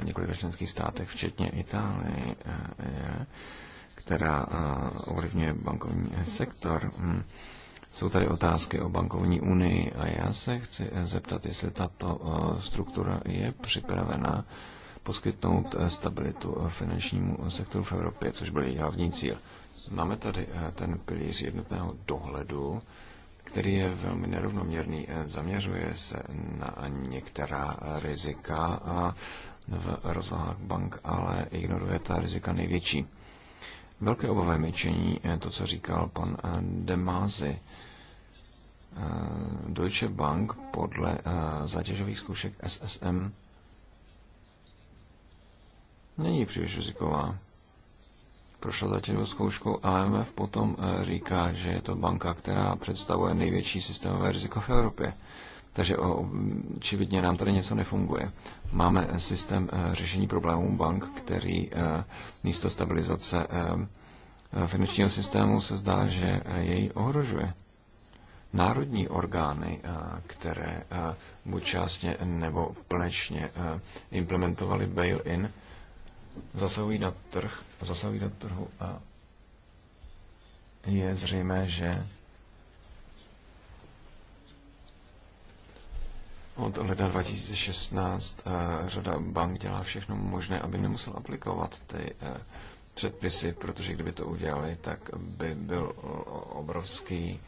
v několika členských státech, včetně Itálie, eh, která ovlivňuje bankovní sektor, hm, jsou tady otázky o bankovní unii a já se chci zeptat, jestli tato struktura je připravena poskytnout stabilitu finančnímu sektoru v Evropě, což byl její hlavní cíl. Máme tady ten pilíř jednotného dohledu, který je velmi nerovnoměrný. Eh, zaměřuje se na některá rizika a v rozvahách bank, ale ignoruje ta rizika největší. Velké obavy mi činí eh, to, co říkal pan eh, Demázy. Deutsche Bank podle zátěžových zkoušek SSM není příliš riziková prošla zatím zkouškou AMF, potom eh, říká, že je to banka, která představuje největší systémové riziko v Evropě. Takže očividně nám tady něco nefunguje. Máme systém eh, řešení problémů bank, který eh, místo stabilizace finančního systému se zdá, že jej ohrožuje. Národní orgány, které buď částně nebo plečně implementovaly bail-in, zasahují do, trh, zasahují do trhu a je zřejmé, že od ledna 2016 eh, řada bank dělá všechno možné, aby nemusel aplikovat ty eh, předpisy, protože kdyby to udělali, tak by byl eh, obrovský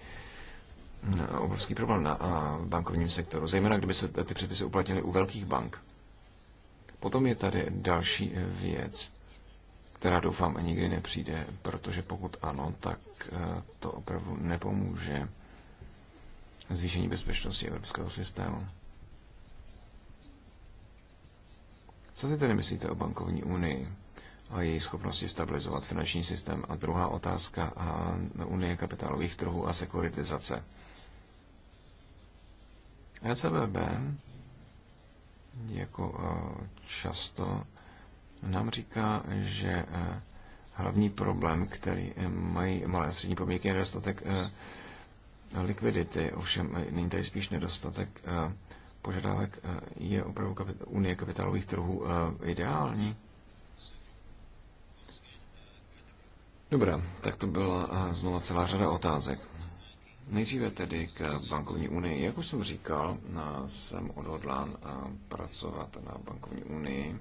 obrovský problém na bankovním sektoru, zejména kdyby se ty předpisy uplatnily u velkých bank. Potom je tady další věc, která doufám nikdy nepřijde, protože pokud ano, tak eh, to opravdu nepomůže zvýšení bezpečnosti evropského systému. Co si tedy myslíte o bankovní unii a její schopnosti stabilizovat finanční systém? A druhá otázka a unie kapitálových trhů a sekuritizace. ECBB jako eh, často, nám říká, že eh, hlavní problém, který eh, mají malé a střední podniky, je nedostatek likvidity. Ovšem, není tady spíš nedostatek požadavek, je opravdu unie kapitálových trhů ideální? Dobrá, tak to byla znova celá řada otázek. Nejdříve tedy k bankovní unii. Jak už jsem říkal, jsem odhodlán pracovat na bankovní unii,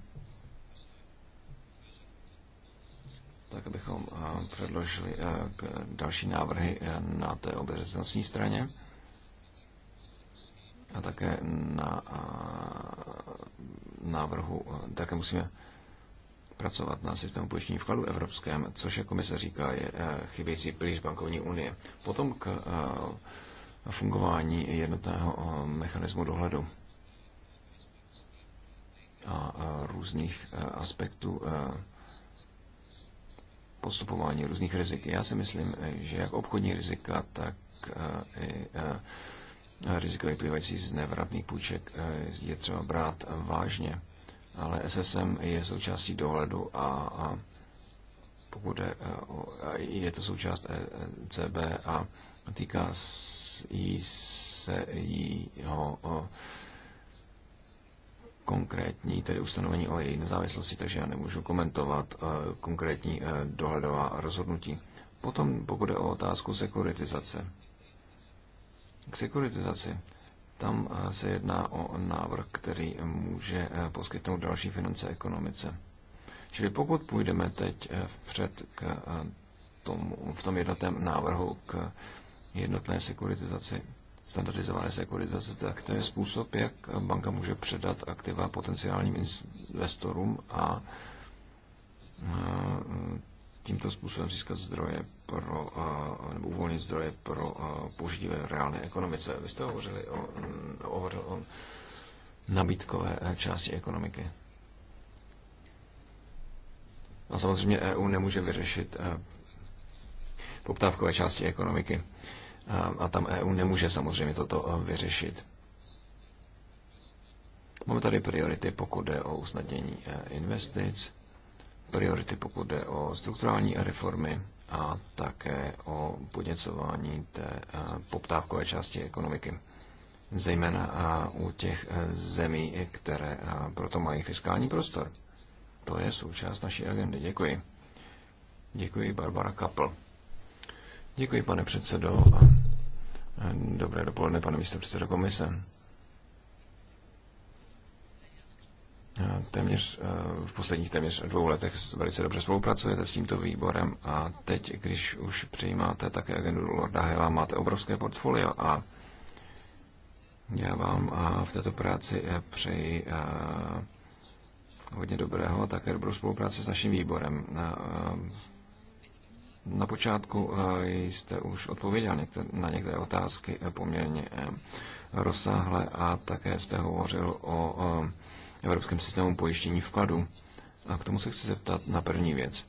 tak abychom předložili další návrhy na té obezřetnostní straně a také na návrhu, také musíme pracovat na systému pojištění vkladu evropském, což, jako se říká, je eh, chybějící pilíř bankovní unie. Potom k eh, fungování jednotného eh, mechanismu dohledu a různých aspektů postupování různých rizik. Já si myslím, že jak obchodní rizika, tak i rizika vyplývající z nevratných půjček je třeba brát vážně ale SSM je součástí dohledu a, a pokud je, e, je to součást ECB a týká jí se jeho konkrétní, tedy ustanovení o její nezávislosti, takže já nemůžu komentovat e, konkrétní e, dohledová rozhodnutí. Potom, pokud je o otázku sekuritizace. K sekuritizaci tam eh, se jedná o návrh, který může eh, poskytnout další finance ekonomice. Čili pokud půjdeme teď eh, vpřed k tomu, v tom jednotném návrhu k jednotné sekuritizaci, standardizované sekuritizace, tak to je způsob, jak banka může předat aktiva potenciálním investorům a tímto způsobem získat zdroje pro, nebo uvolnit zdroje pro použití ve reálné ekonomice. Vy jste hovořili o, hovořil o nabídkové části ekonomiky. A samozřejmě EU nemůže vyřešit e, poptávkové části ekonomiky. A tam EU nemůže samozřejmě toto e, vyřešit. Máme tady priority, pokud jde o usnadnění e, investic priority, pokud jde o strukturální reformy a také o podněcování té eh, poptávkové části ekonomiky. Zejména eh, u těch eh, zemí, které proto mají fiskální prostor. To je součást naší agendy. Děkuji. Děkuji, Barbara Kapl. Děkuji, pane předsedo. Dobré dopoledne, pane místopředsedo komise. Eh, téměř eh, v posledních téměř dvou letech velice dobře spolupracujete s tímto výborem a teď, když už přijímáte také agendu Lorda Hela, máte obrovské portfolio a já vám a eh, v této práci přeji hodně dobrého a také dobrou spolupráci s naším výborem. Na počátku jste už odpověděl na některé otázky poměrně rozsáhle a také jste hovořil o evropském systému pojištění vkladu. A k tomu se chci zeptat na první věc.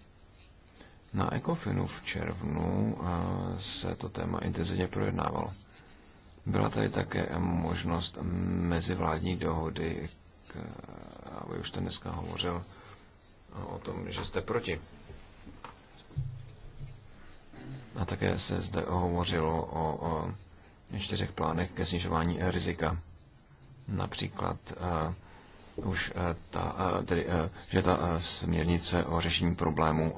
Na Ecofinu v červnu se to téma intenzivně projednávalo. Byla tady také možnost mezivládní dohody, k, vy už jste dneska hovořil o tom, že jste proti. A také se zde hovořilo o, o čtyřech plánech ke snižování rizika. Například už eh, ta, eh, tedy, eh, že ta směrnice o řešení problémů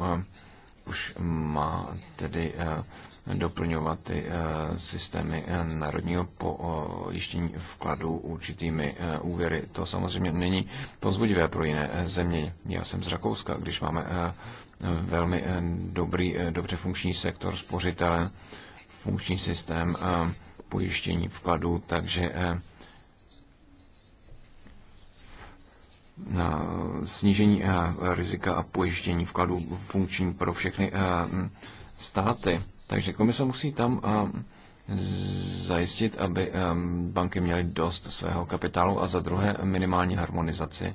už má tedy doplňovat ty systémy národního pojištění vkladů určitými úvěry. To samozřejmě není pozbudivé pro jiné země. Já jsem z Rakouska, když máme velmi dobrý, dobře funkční sektor spořitele, funkční systém pojištění vkladů, takže snížení eh, rizika a pojištění vkladů funkční pro všechny eh, státy. Takže komise musí tam eh, zajistit, aby banky měly dost svého kapitálu a za druhé minimální harmonizaci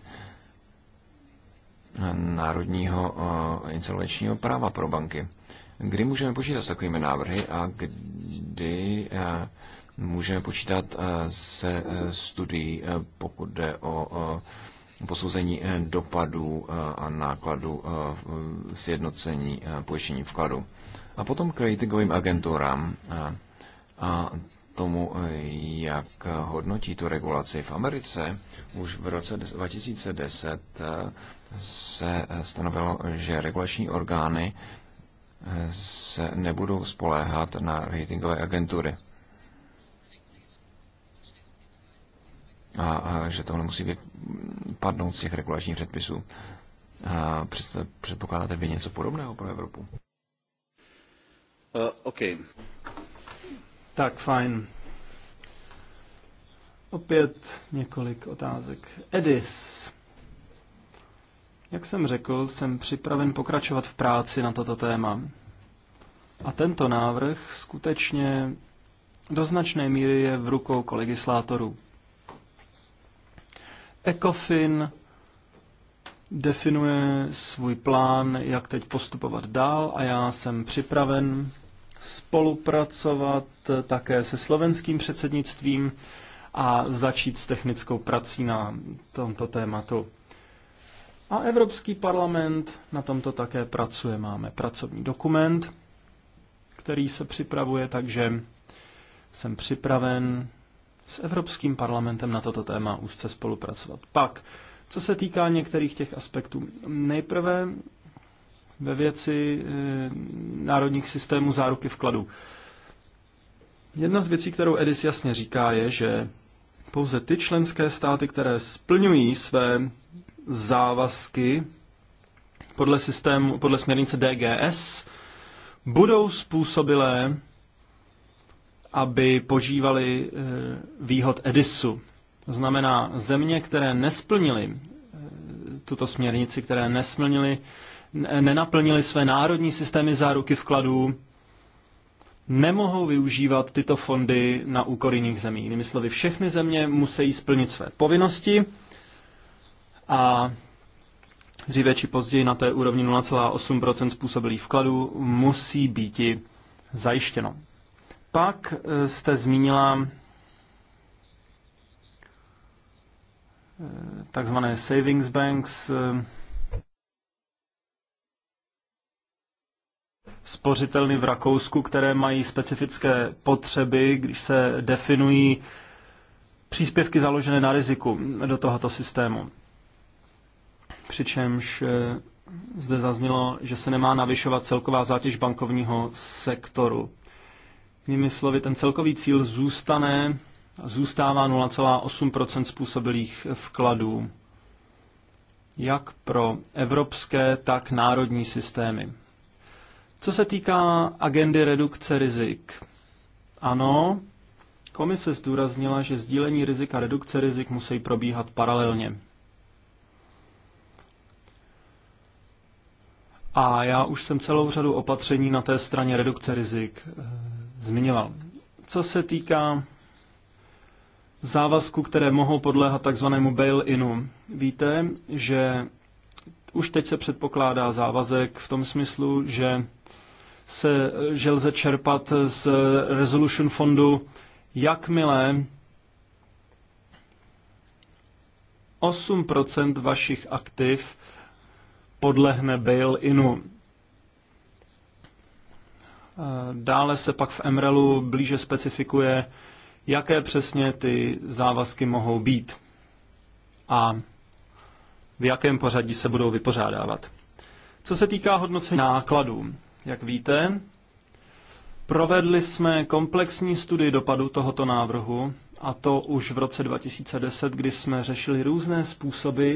národního insolvenčního práva pro banky. Kdy můžeme počítat s takovými návrhy a kdy můžeme počítat se studií, pokud jde o posouzení eh, dopadů eh, a nákladů eh, sjednocení pojištění vkladu. A potom k ratingovým agenturám a tomu, jak hodnotí tu regulaci v Americe. Už v roce 2010 se stanovilo, že regulační orgány se nebudou spoléhat na ratingové agentury. a, a že tohle musí vypadnout z těch regulačních předpisů. A předpokládáte vy něco podobného pro Evropu? Uh, OK. Tak, fajn. Opět několik otázek. Edis. Jak jsem řekl, jsem připraven pokračovat v práci na toto téma. A tento návrh skutečně do značné míry je v rukou kolegislátorů. ECOFIN definuje svůj plán, jak teď postupovat dál a já jsem připraven spolupracovat také se slovenským předsednictvím a začít s technickou prací na tomto tématu. A Evropský parlament na tomto také pracuje. Máme pracovní dokument, který se připravuje, takže jsem připraven s Evropským parlamentem na toto téma úzce spolupracovat. Pak, co se týká některých těch aspektů. Nejprve ve věci eh, národních systémů záruky vkladu. Jedna z věcí, kterou Edis jasně říká, je, že pouze ty členské státy, které splňují své závazky podle, systému, podle směrnice DGS, budou způsobilé aby požívali eh, výhod EDISu. To znamená, země, které nesplnily eh, tuto směrnici, které nesplnily, nenaplnily své národní systémy záruky vkladů, nemohou využívat tyto fondy na úkor jiných zemí. Jinými slovy, všechny země musí splnit své povinnosti a dříve či později na té úrovni 0,8 způsobilých vkladů musí být zajištěno. Pak eh, jste zmínila eh, takzvané savings banks, eh, spořitelny v Rakousku, které mají specifické potřeby, když se definují příspěvky založené na riziku do tohoto systému. Přičemž zde zaznělo, že se nemá navyšovat celková zátěž bankovního sektoru. Jinými slovy, ten celkový cíl zůstane, zůstává 0,8 způsobilých vkladů, jak pro evropské, tak národní systémy. Co se týká agendy redukce rizik, ano, komise zdůraznila, že sdílení rizika a redukce rizik musí probíhat paralelně. A já už jsem celou řadu opatření na té straně redukce rizik eh, zmiňoval. Co se týká závazku, které mohou podléhat takzvanému bail-inu, víte, že už teď se předpokládá závazek v tom smyslu, že se, že lze čerpat z Resolution fondu, jakmile 8% vašich aktiv podlehne bail-inu. Dále se pak v MRELu blíže specifikuje, jaké přesně ty závazky mohou být a v jakém pořadí se budou vypořádávat. Co se týká hodnocení nákladů, jak víte, provedli jsme komplexní studii dopadu tohoto návrhu, a to už v roce 2010, kdy jsme řešili různé způsoby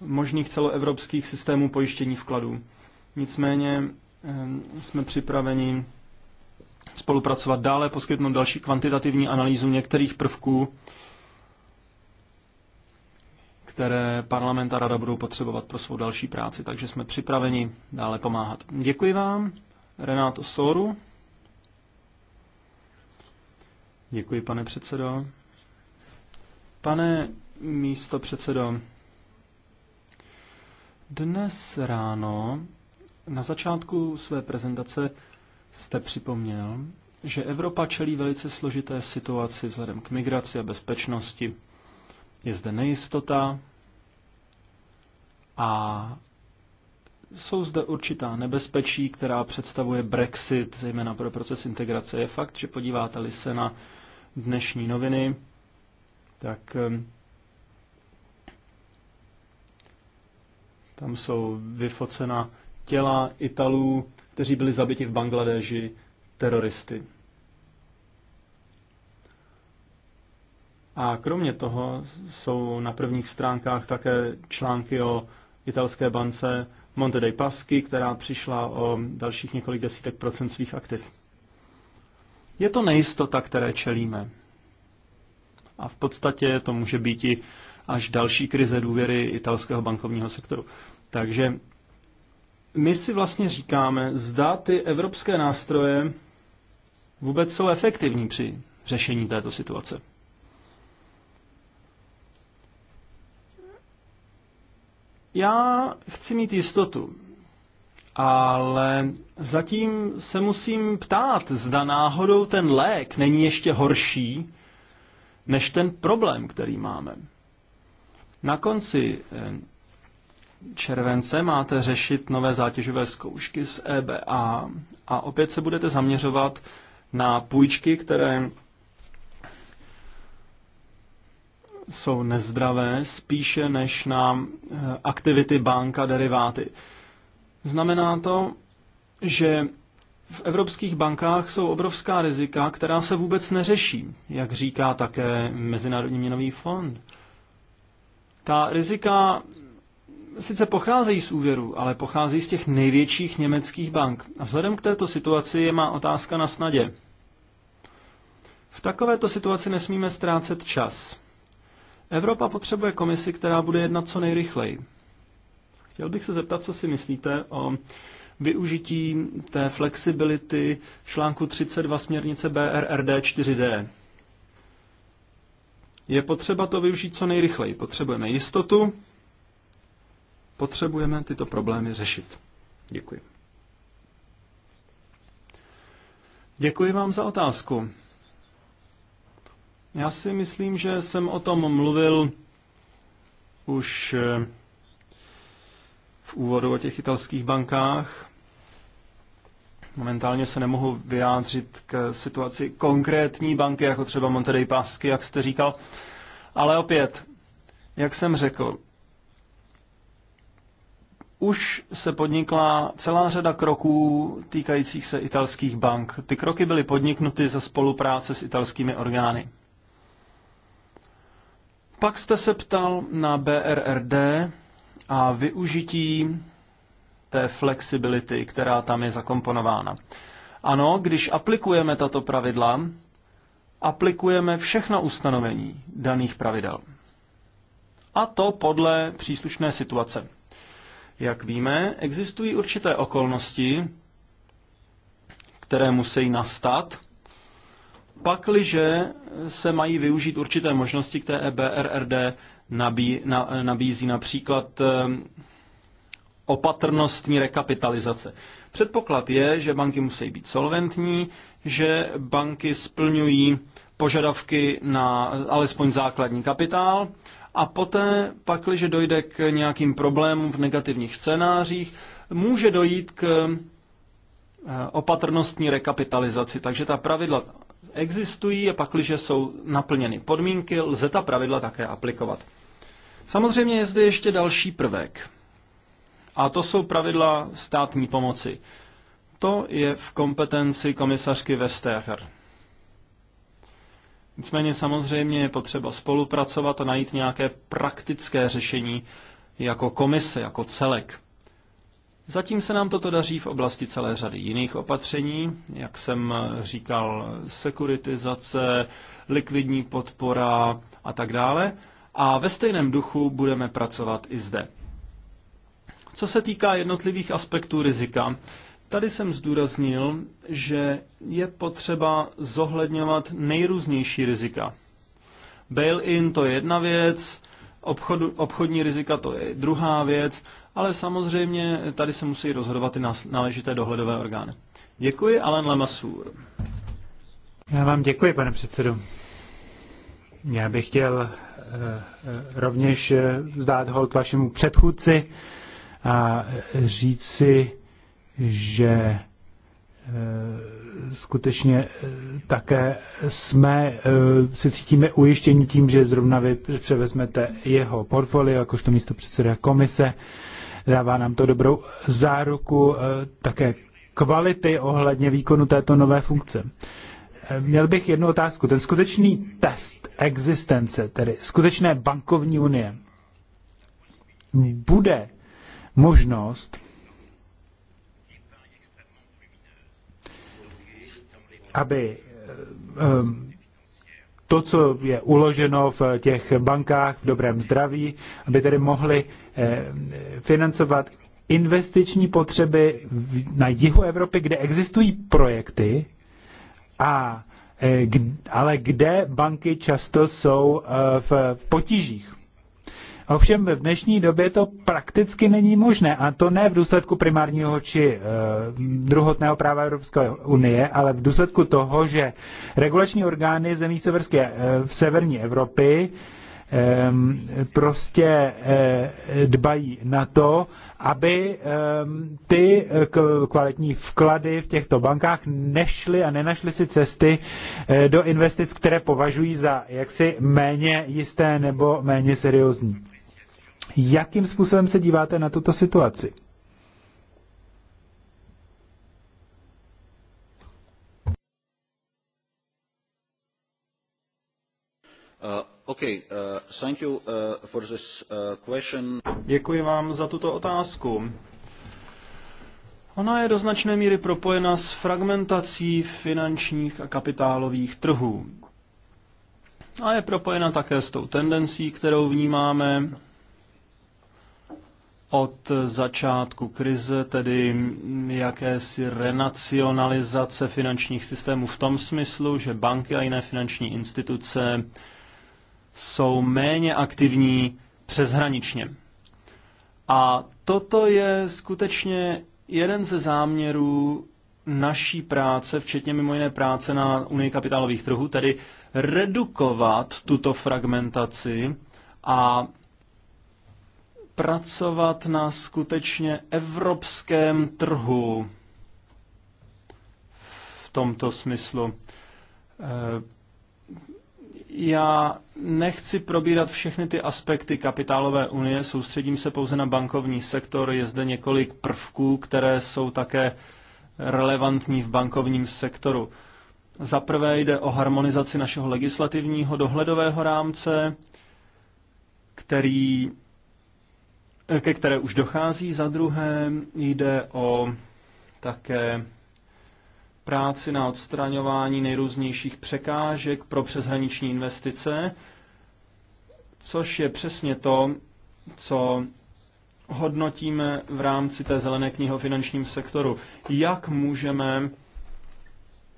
možných celoevropských systémů pojištění vkladů. Nicméně ehm, jsme připraveni spolupracovat dále, poskytnout další kvantitativní analýzu některých prvků, které parlament a rada budou potřebovat pro svou další práci, takže jsme připraveni dále pomáhat. Děkuji vám, Renato Soru. Děkuji, pane předsedo. Pane místo předsedo, dnes ráno na začátku své prezentace jste připomněl, že Evropa čelí velice složité situaci vzhledem k migraci a bezpečnosti. Je zde nejistota a jsou zde určitá nebezpečí, která představuje Brexit, zejména pro proces integrace. Je fakt, že podíváte-li se na dnešní noviny, tak ehm, tam jsou vyfocena těla Italů, kteří byli zabiti v Bangladeži teroristy. A kromě toho jsou na prvních stránkách také články o italské bance Monte dei Paschi, která přišla o dalších několik desítek procent svých aktiv. Je to nejistota, které čelíme. A v podstatě to může být i až další krize důvěry italského bankovního sektoru. Takže my si vlastně říkáme, zda ty evropské nástroje vůbec jsou efektivní při řešení této situace. Já chci mít jistotu, ale zatím se musím ptát, zda náhodou ten lék není ještě horší než ten problém, který máme. Na konci eh, července máte řešit nové zátěžové zkoušky z EBA a opět se budete zaměřovat na půjčky, které jsou nezdravé, spíše než na eh, aktivity banka deriváty. Znamená to, že v evropských bankách jsou obrovská rizika, která se vůbec neřeší, jak říká také Mezinárodní měnový fond. Ta rizika sice pocházejí z úvěru, ale pochází z těch největších německých bank. A vzhledem k této situaci je má otázka na snadě. V takovéto situaci nesmíme ztrácet čas. Evropa potřebuje komisi, která bude jednat co nejrychleji. Chtěl bych se zeptat, co si myslíte o využití té flexibility článku 32 směrnice BRRD 4D. Je potřeba to využít co nejrychleji. Potřebujeme jistotu, Potřebujeme tyto problémy řešit. Děkuji. Děkuji vám za otázku. Já si myslím, že jsem o tom mluvil už eh, v úvodu o těch italských bankách. Momentálně se nemohu vyjádřit k situaci konkrétní banky, jako třeba Monterey Pasky, jak jste říkal. Ale opět, jak jsem řekl, už se podnikla celá řada kroků týkajících se italských bank. Ty kroky byly podniknuty za spolupráce s italskými orgány. Pak jste se ptal na BRRD a využití té flexibility, která tam je zakomponována. Ano, když aplikujeme tato pravidla, aplikujeme všechna ustanovení daných pravidel. A to podle příslušné situace. Jak víme, existují určité okolnosti, které musí nastat, pakliže se mají využít určité možnosti, které EBRRD nabí, na, nabízí, například ehm, opatrnostní rekapitalizace. Předpoklad je, že banky musí být solventní, že banky splňují požadavky na alespoň základní kapitál a poté, pakliže dojde k nějakým problémům v negativních scénářích, může dojít k eh, opatrnostní rekapitalizaci. Takže ta pravidla existují a pakliže jsou naplněny podmínky, lze ta pravidla také aplikovat. Samozřejmě je zde ještě další prvek. A to jsou pravidla státní pomoci. To je v kompetenci komisařky Vestager. Nicméně samozřejmě je potřeba spolupracovat a najít nějaké praktické řešení jako komise, jako celek. Zatím se nám toto daří v oblasti celé řady jiných opatření, jak jsem říkal, sekuritizace, likvidní podpora a tak dále. A ve stejném duchu budeme pracovat i zde. Co se týká jednotlivých aspektů rizika, Tady jsem zdůraznil, že je potřeba zohledňovat nejrůznější rizika. Bail-in to je jedna věc, obchodu, obchodní rizika to je druhá věc, ale samozřejmě tady se musí rozhodovat i náležité dohledové orgány. Děkuji, Alan Lamassur. Já vám děkuji, pane předsedo. Já bych chtěl eh, eh, rovněž eh, zdát hold vašemu předchůdci a říci, že e, skutečně e, také jsme, se cítíme ujištění tím, že zrovna vy převezmete jeho portfolio, jakožto místo předseda komise. Dává nám to dobrou záruku e, také kvality ohledně výkonu této nové funkce. Měl bych jednu otázku. Ten skutečný test existence, tedy skutečné bankovní unie, bude možnost aby ehm, to, co je uloženo v těch bankách v dobrém zdraví, aby tedy mohli ehm, financovat investiční potřeby na jihu Evropy, kde existují projekty, a, eh, ale kde banky často jsou eh, v potížích. Ovšem v dnešní době to prakticky není možné a to ne v důsledku primárního či eh, druhotného práva Evropské unie, ale v důsledku toho, že regulační orgány zemí severské, eh, v severní Evropy ehm, prostě eh, dbají na to, aby ehm, ty kvalitní vklady v těchto bankách nešly a nenašly si cesty do investic, které považují za jaksi méně jisté nebo méně seriózní. Jakým způsobem se díváte na tuto situaci? Uh, okay. uh, thank you, uh, for this, uh, question. Děkuji vám za tuto otázku. Ona je do značné míry propojena s fragmentací finančních a kapitálových trhů. A je propojena také s tou tendencí, kterou vnímáme od začátku krize, tedy jakési renacionalizace finančních systémů v tom smyslu, že banky a jiné finanční instituce jsou méně aktivní přeshraničně. A toto je skutečně jeden ze záměrů naší práce, včetně mimo jiné práce na Unii kapitálových trhů, tedy redukovat tuto fragmentaci a pracovat na skutečně evropském trhu v tomto smyslu. Eh, já nechci probírat všechny ty aspekty kapitálové unie, soustředím se pouze na bankovní sektor. Je zde několik prvků, které jsou také relevantní v bankovním sektoru. Za prvé jde o harmonizaci našeho legislativního dohledového rámce, který ke které už dochází. Za druhé jde o také práci na odstraňování nejrůznějších překážek pro přeshraniční investice, což je přesně to, co hodnotíme v rámci té zelené knihy o finančním sektoru. Jak můžeme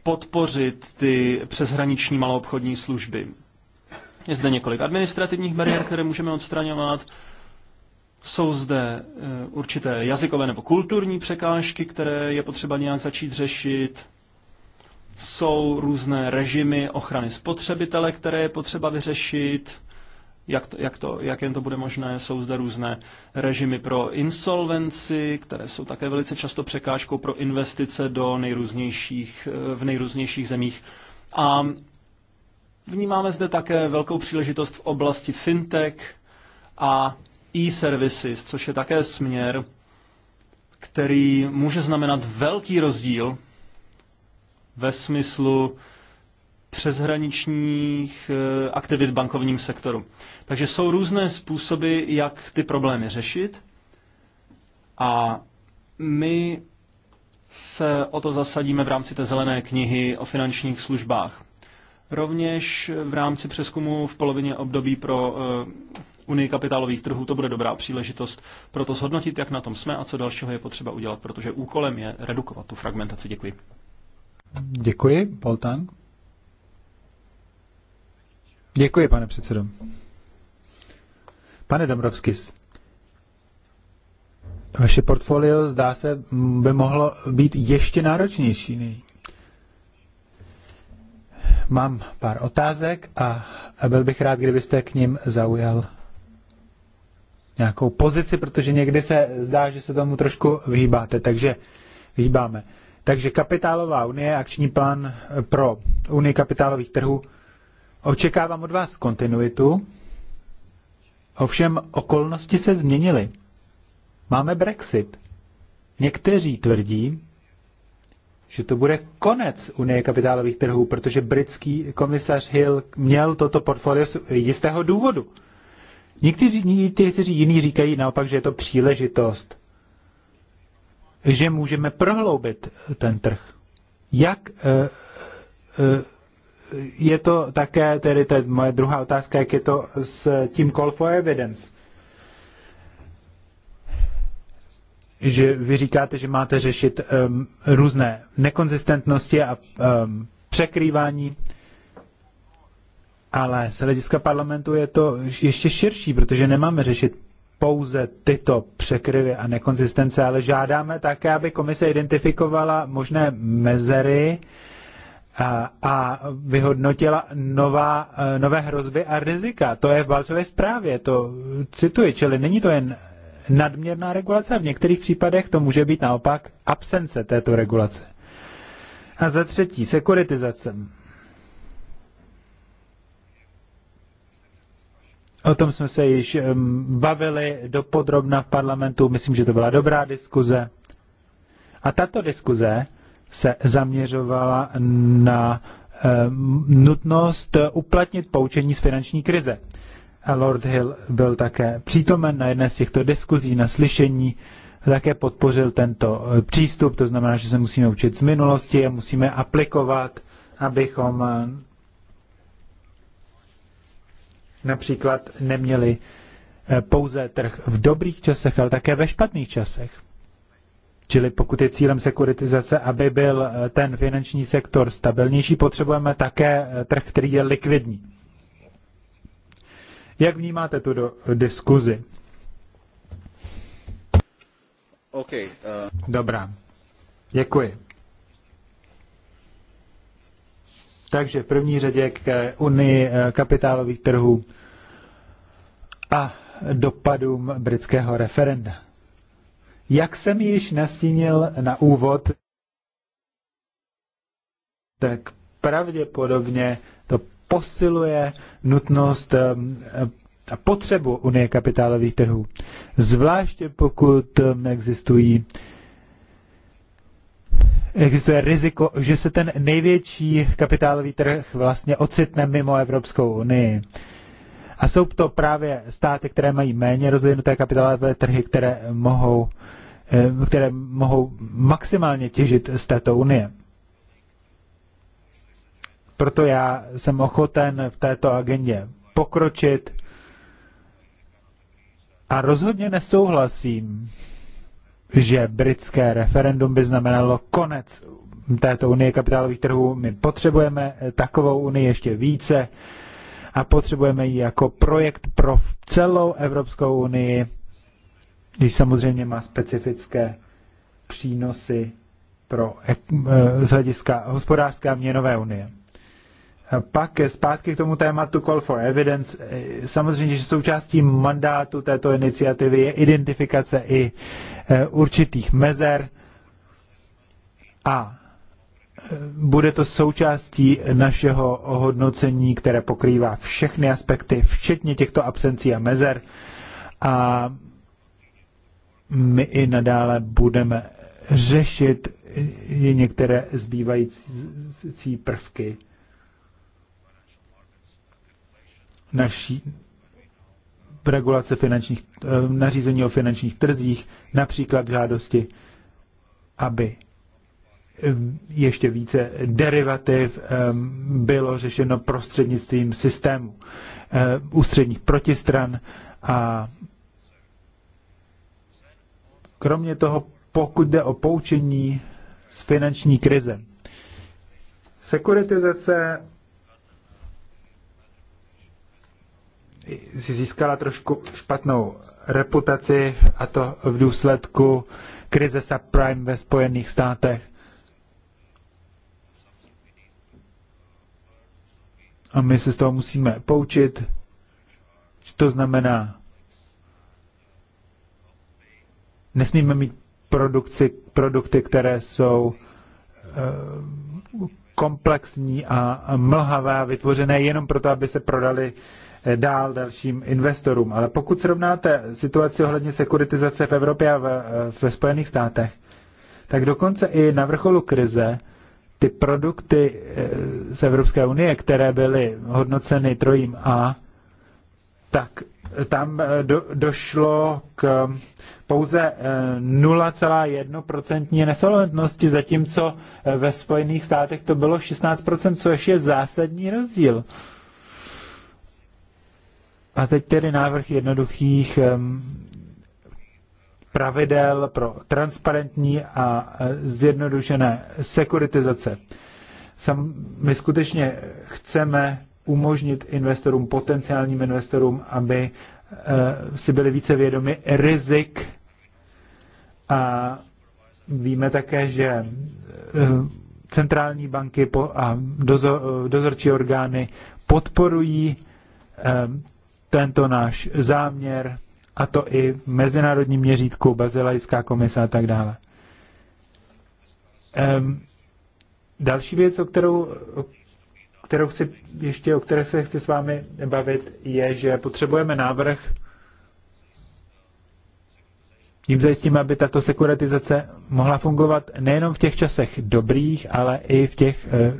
podpořit ty přeshraniční maloobchodní služby? Je zde několik administrativních bariér, které můžeme odstraňovat, jsou zde e, určité jazykové nebo kulturní překážky, které je potřeba nějak začít řešit. Jsou různé režimy ochrany spotřebitele, které je potřeba vyřešit. Jak, to, jak, to, jak jen to bude možné, jsou zde různé režimy pro insolvenci, které jsou také velice často překážkou pro investice do nejrůznějších, e, v nejrůznějších zemích. A vnímáme zde také velkou příležitost v oblasti fintech a e-services, což je také směr, který může znamenat velký rozdíl ve smyslu přeshraničních eh, aktivit v bankovním sektoru. Takže jsou různé způsoby, jak ty problémy řešit a my se o to zasadíme v rámci té zelené knihy o finančních službách. Rovněž v rámci přeskumu v polovině období pro eh, Unii kapitálových trhů, to bude dobrá příležitost pro to zhodnotit, jak na tom jsme a co dalšího je potřeba udělat, protože úkolem je redukovat tu fragmentaci. Děkuji. Děkuji, Poltán. Děkuji, pane předsedo. Pane Dombrovskis, vaše portfolio, zdá se, by mohlo být ještě náročnější. Mám pár otázek a byl bych rád, kdybyste k ním zaujal nějakou pozici, protože někdy se zdá, že se tomu trošku vyhýbáte, takže vyhýbáme. Takže kapitálová unie, akční plán pro unii kapitálových trhů. Očekávám od vás kontinuitu, ovšem okolnosti se změnily. Máme Brexit. Někteří tvrdí, že to bude konec Unie kapitálových trhů, protože britský komisař Hill měl toto portfolio z jistého důvodu. Někteří, někteří jiní říkají naopak, že je to příležitost, že můžeme prohloubit ten trh. Jak eh, eh, je to také, tedy to je moje druhá otázka, jak je to s tím call for evidence? Že vy říkáte, že máte řešit um, různé nekonzistentnosti a um, překrývání ale z hlediska parlamentu je to ještě širší, protože nemáme řešit pouze tyto překryvy a nekonzistence, ale žádáme také, aby komise identifikovala možné mezery a, a vyhodnotila nová, eh, nové hrozby a rizika. To je v Balcové zprávě, to cituji, čili není to jen nadměrná regulace, v některých případech to může být naopak absence této regulace. A za třetí, sekuritizace. O tom jsme se již bavili dopodrobna v parlamentu, myslím, že to byla dobrá diskuze. A tato diskuze se zaměřovala na nutnost uplatnit poučení z finanční krize. A Lord Hill byl také přítomen na jedné z těchto diskuzí, na slyšení, také podpořil tento eh, přístup, to znamená, že se musíme učit z minulosti a musíme aplikovat, abychom například neměli eh, pouze trh v dobrých časech, ale také ve špatných časech. Čili pokud je cílem sekuritizace, aby byl eh, ten finanční sektor stabilnější, potřebujeme také eh, trh, který je likvidní. Jak vnímáte tu do, diskuzi? Okay, uh... Dobrá, děkuji. Takže v první řadě k unii eh, kapitálových trhů a dopadům britského referenda. Jak jsem již nastínil na úvod, tak pravděpodobně to posiluje nutnost eh, a potřebu Unie kapitálových trhů. Zvláště pokud eh, existují existuje riziko, že se ten největší kapitálový trh vlastně ocitne mimo Evropskou unii. A jsou to právě státy, které mají méně rozvinuté kapitálové trhy, které mohou, eh, které mohou maximálně těžit z této unie. Proto já jsem ochoten v této agendě pokročit a rozhodně nesouhlasím že britské referendum by znamenalo konec této unie kapitálových trhů. My potřebujeme eh, takovou unii ještě více a potřebujeme ji jako projekt pro celou Evropskou unii, když samozřejmě má specifické přínosy pro, eh, z hlediska hospodářské a měnové unie. Pak zpátky k tomu tématu Call for Evidence. Samozřejmě, že součástí mandátu této iniciativy je identifikace i e, určitých mezer a e, bude to součástí našeho hodnocení, které pokrývá všechny aspekty, včetně těchto absencí a mezer. A my i nadále budeme řešit e, některé zbývající prvky naší regulace finančních, eh, nařízení o finančních trzích, například žádosti, aby eh, ještě více derivativ eh, bylo řešeno prostřednictvím systému ústředních protistran a kromě toho, pokud jde o poučení z finanční krize, sekuritizace si získala trošku špatnou reputaci a to v důsledku krize subprime ve Spojených státech. A my se z toho musíme poučit, co to znamená. Nesmíme mít produkci, produkty, které jsou eh, komplexní a mlhavé, vytvořené jenom proto, aby se prodali Eh, dál dalším investorům. Ale pokud srovnáte situaci ohledně sekuritizace v Evropě a v, eh, ve Spojených státech, tak dokonce i na vrcholu krize ty produkty eh, z Evropské unie, které byly hodnoceny trojím A, tak tam do, došlo k pouze 0,1% nesolventnosti, zatímco ve Spojených státech to bylo 16%, což je zásadní rozdíl. Uh, a teď tedy návrh jednoduchých pravidel pro transparentní a e, zjednodušené sekuritizace. Sam, my skutečně chceme umožnit investorům, potenciálním investorům, aby e, si byli více vědomi rizik a víme také, že e, centrální banky a dozorčí orgány podporují tento náš záměr, a to i v mezinárodním měřítku, Bazilajská komise a tak dále. Ehm, další věc, o kterou, o kterou si ještě o které se chci s vámi bavit, je, že potřebujeme návrh, jim zajistíme, aby tato sekuratizace mohla fungovat nejenom v těch časech dobrých, ale i v těch eh,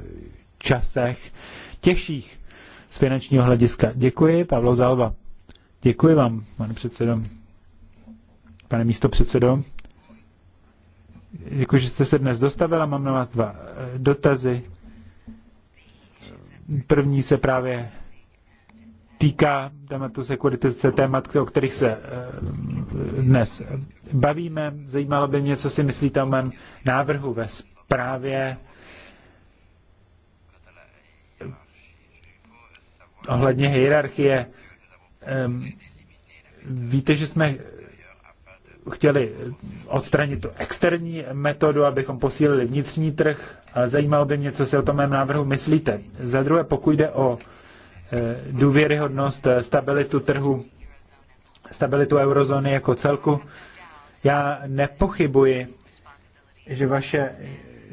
časech těžších z finančního hlediska. Děkuji, Pavlo Zalva. Děkuji vám, pane předsedo. Pane místo předsedo, děkuji, že jste se dnes dostavila. Mám na vás dva eh, dotazy. První se právě týká tématu sekuritizace, témat, o kterých se eh, dnes bavíme. Zajímalo by mě, co si myslíte o mém návrhu ve zprávě ohledně hierarchie, víte, že jsme chtěli odstranit tu externí metodu, abychom posílili vnitřní trh. Zajímalo by mě, co si o tom mém návrhu myslíte. Za druhé, pokud jde o eh, důvěryhodnost, eh, stabilitu trhu, stabilitu eurozóny jako celku, já nepochybuji, že vaše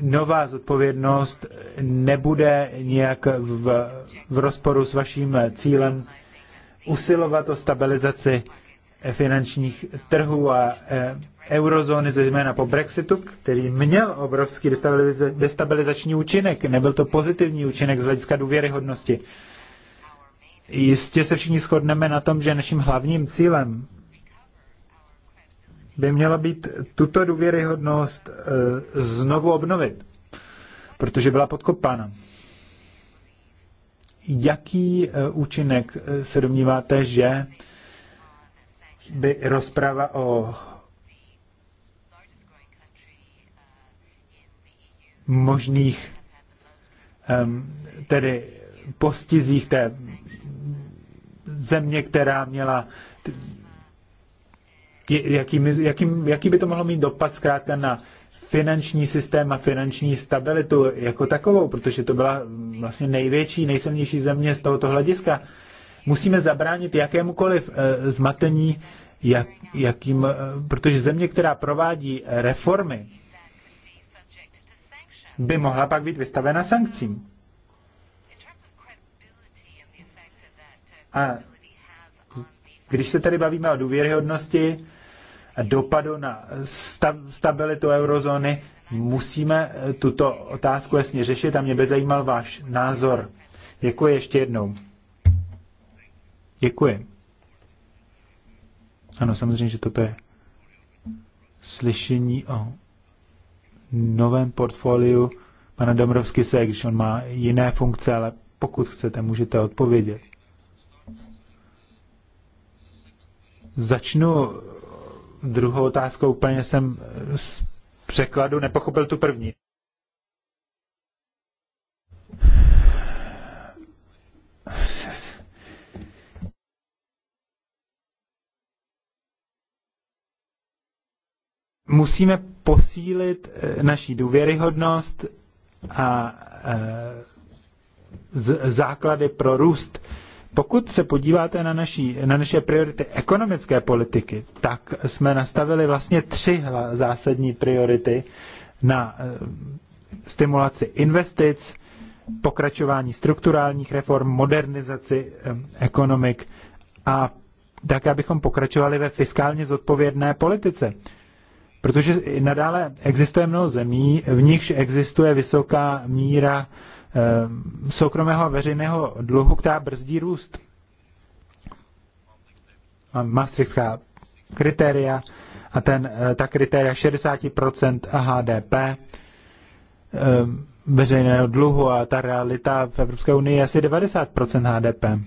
nová zodpovědnost nebude nějak v, v rozporu s vaším cílem usilovat o stabilizaci finančních trhů a e, eurozóny, zejména po Brexitu, který měl obrovský destabilizační účinek. Nebyl to pozitivní účinek z hlediska důvěryhodnosti. Jistě se všichni shodneme na tom, že naším hlavním cílem by měla být tuto důvěryhodnost eh, znovu obnovit, protože byla podkopána. Jaký eh, účinek eh, se domníváte, že by rozprava o možných ehm, tedy postizích té země, která měla jaký, jaký, jaký by to mohlo mít dopad zkrátka na finanční systém a finanční stabilitu jako takovou, protože to byla vlastně největší, nejsilnější země z tohoto hlediska. Musíme zabránit jakémukoliv e, zmatení, jak, jakým, e, protože země, která provádí reformy, by mohla pak být vystavena sankcím. A když se tady bavíme o důvěryhodnosti, dopadu na stabilitu eurozóny, musíme eh, tuto otázku jasně řešit a mě by zajímal váš názor. Děkuji ještě jednou. Děkuji. Ano, samozřejmě, že toto je slyšení o novém portfoliu pana Domrovsky se, když on má jiné funkce, ale pokud chcete, můžete odpovědět. Začnu druhou otázkou úplně jsem eh, z překladu nepochopil tu první. Musíme posílit eh, naší důvěryhodnost a eh, základy pro růst pokud se podíváte na, naší, na naše priority ekonomické politiky, tak jsme nastavili vlastně tři zásadní priority na eh, stimulaci investic, pokračování strukturálních reform, modernizaci eh, ekonomik a tak, abychom pokračovali ve fiskálně zodpovědné politice. Protože nadále existuje mnoho zemí, v nichž existuje vysoká míra Ehm, soukromého a veřejného dluhu, která brzdí růst. Maastrichtská kritéria a ten, eh, ta kritéria 60% HDP ehm, veřejného dluhu a ta realita v Evropské unii je asi 90% HDP.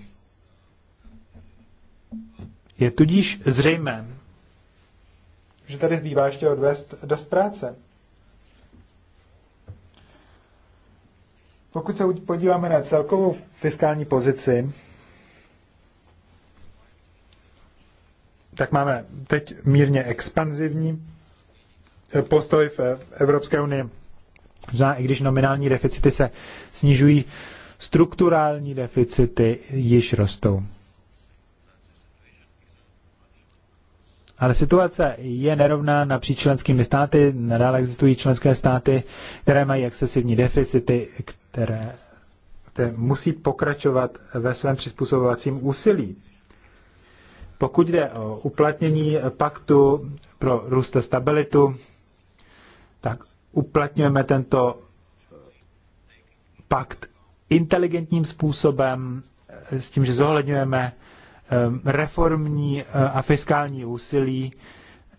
Je tudíž zřejmé, že tady zbývá ještě odvést dost práce. Pokud se podíváme na celkovou fiskální pozici, tak máme teď mírně expanzivní eh, postoj eh, v Evropské unii. Zná, i když nominální deficity se snižují, strukturální deficity již rostou. Ale situace je nerovná napříč členskými státy. Nadále existují členské státy, které mají excesivní deficity, které, které musí pokračovat ve svém přizpůsobovacím úsilí. Pokud jde o uplatnění paktu pro růst a stabilitu, tak uplatňujeme tento pakt inteligentním způsobem, s tím, že zohledňujeme Ehm, reformní eh, a fiskální úsilí,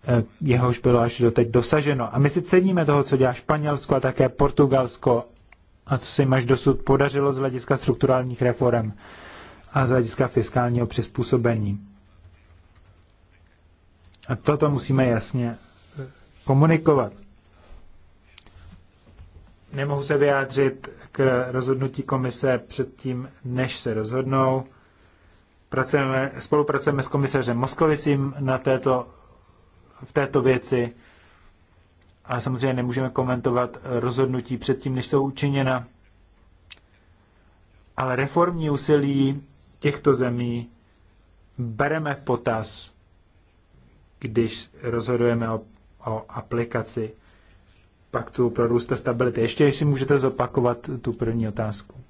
eh, jehož bylo až doteď dosaženo. A my si ceníme toho, co dělá Španělsko a také Portugalsko a co se jim až dosud podařilo z hlediska strukturálních reform a z hlediska fiskálního přizpůsobení. A toto musíme jasně eh, komunikovat. Nemohu se vyjádřit k rozhodnutí komise předtím, než se rozhodnou. Pracujeme, spolupracujeme s komisařem Moskovicím na této, v této věci, ale samozřejmě nemůžeme komentovat rozhodnutí předtím, než jsou učiněna. Ale reformní úsilí těchto zemí bereme v potaz, když rozhodujeme o, o aplikaci paktu pro růst a stability. Ještě, jestli můžete zopakovat tu první otázku.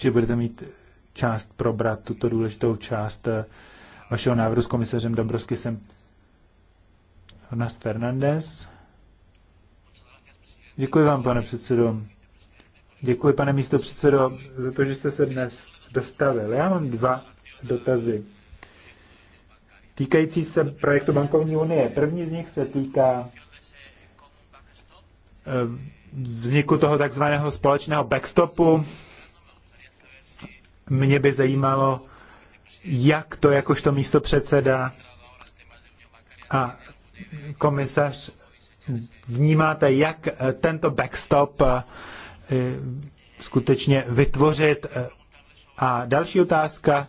že budete mít část probrat tuto důležitou část eh, vašeho návrhu s komisařem Dobroskysem. Hornas Fernandez. Děkuji vám, pane předsedo. Děkuji, pane místo předsedo, za to, že jste se dnes dostavil. Já mám dva dotazy týkající se projektu bankovní unie. První z nich se týká eh, vzniku toho takzvaného společného backstopu mě by zajímalo, jak to jakožto místo předseda a komisař vnímáte, jak eh, tento backstop eh, skutečně vytvořit. Eh, a další otázka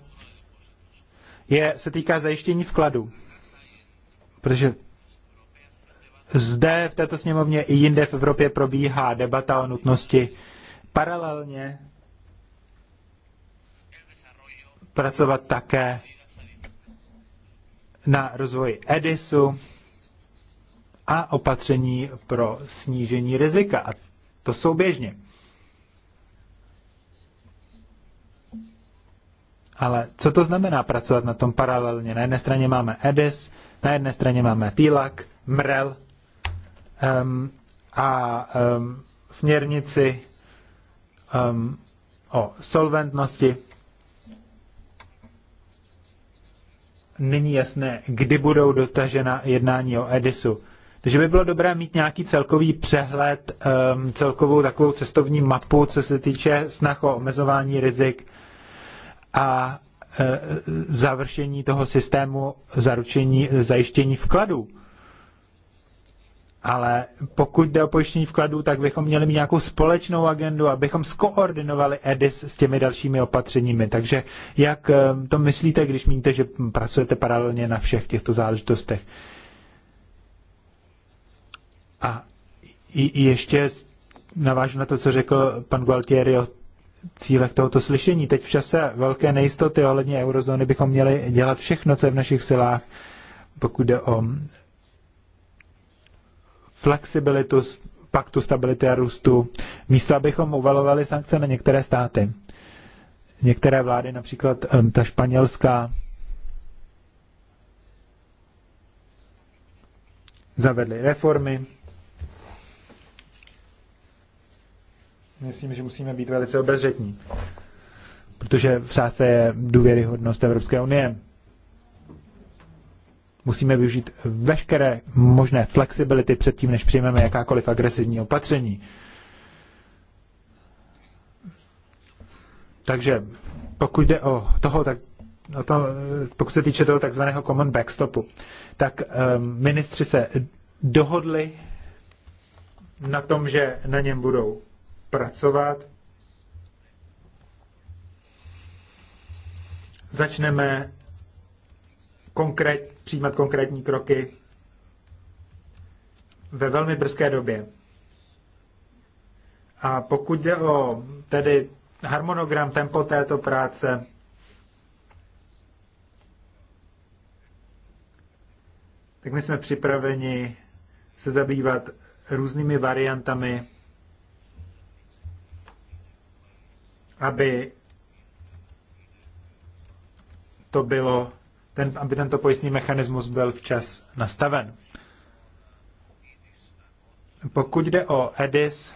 je, se týká zajištění vkladu. Protože zde v této sněmovně i jinde v Evropě probíhá debata o nutnosti paralelně pracovat také na rozvoji EDISu a opatření pro snížení rizika. A to souběžně. Ale co to znamená pracovat na tom paralelně? Na jedné straně máme EDIS, na jedné straně máme TILAC, MREL um, a um, směrnici um, o solventnosti. není jasné, kdy budou dotažena jednání o Edisu. Takže by bylo dobré mít nějaký celkový přehled, um, celkovou takovou cestovní mapu, co se týče snah o omezování rizik a uh, završení toho systému zaručení, zajištění vkladů. Ale pokud jde o pojištění vkladů, tak bychom měli mít nějakou společnou agendu, abychom skoordinovali EDIS s těmi dalšími opatřeními. Takže jak eh, to myslíte, když míníte, že pracujete paralelně na všech těchto záležitostech? A ještě navážu na to, co řekl pan Gualtieri o cílech tohoto slyšení. Teď v čase velké nejistoty ohledně eurozóny bychom měli dělat všechno, co je v našich silách, pokud jde o flexibilitu paktu stability a růstu, místo abychom uvalovali sankce na některé státy. Některé vlády, například eh, ta španělská, zavedly reformy. Myslím, že musíme být velice obezřetní, protože v sázce je důvěryhodnost Evropské unie musíme využít veškeré možné flexibility předtím, než přijmeme jakákoliv agresivní opatření. Takže pokud jde o toho, tak o to, pokud se týče toho takzvaného common backstopu, tak um, ministři se dohodli na tom, že na něm budou pracovat. Začneme konkrétně přijímat konkrétní kroky ve velmi brzké době. A pokud jde o tedy harmonogram, tempo této práce, tak my jsme připraveni se zabývat různými variantami, aby to bylo ten, aby tento pojistný mechanismus byl včas nastaven. Pokud jde o EDIS,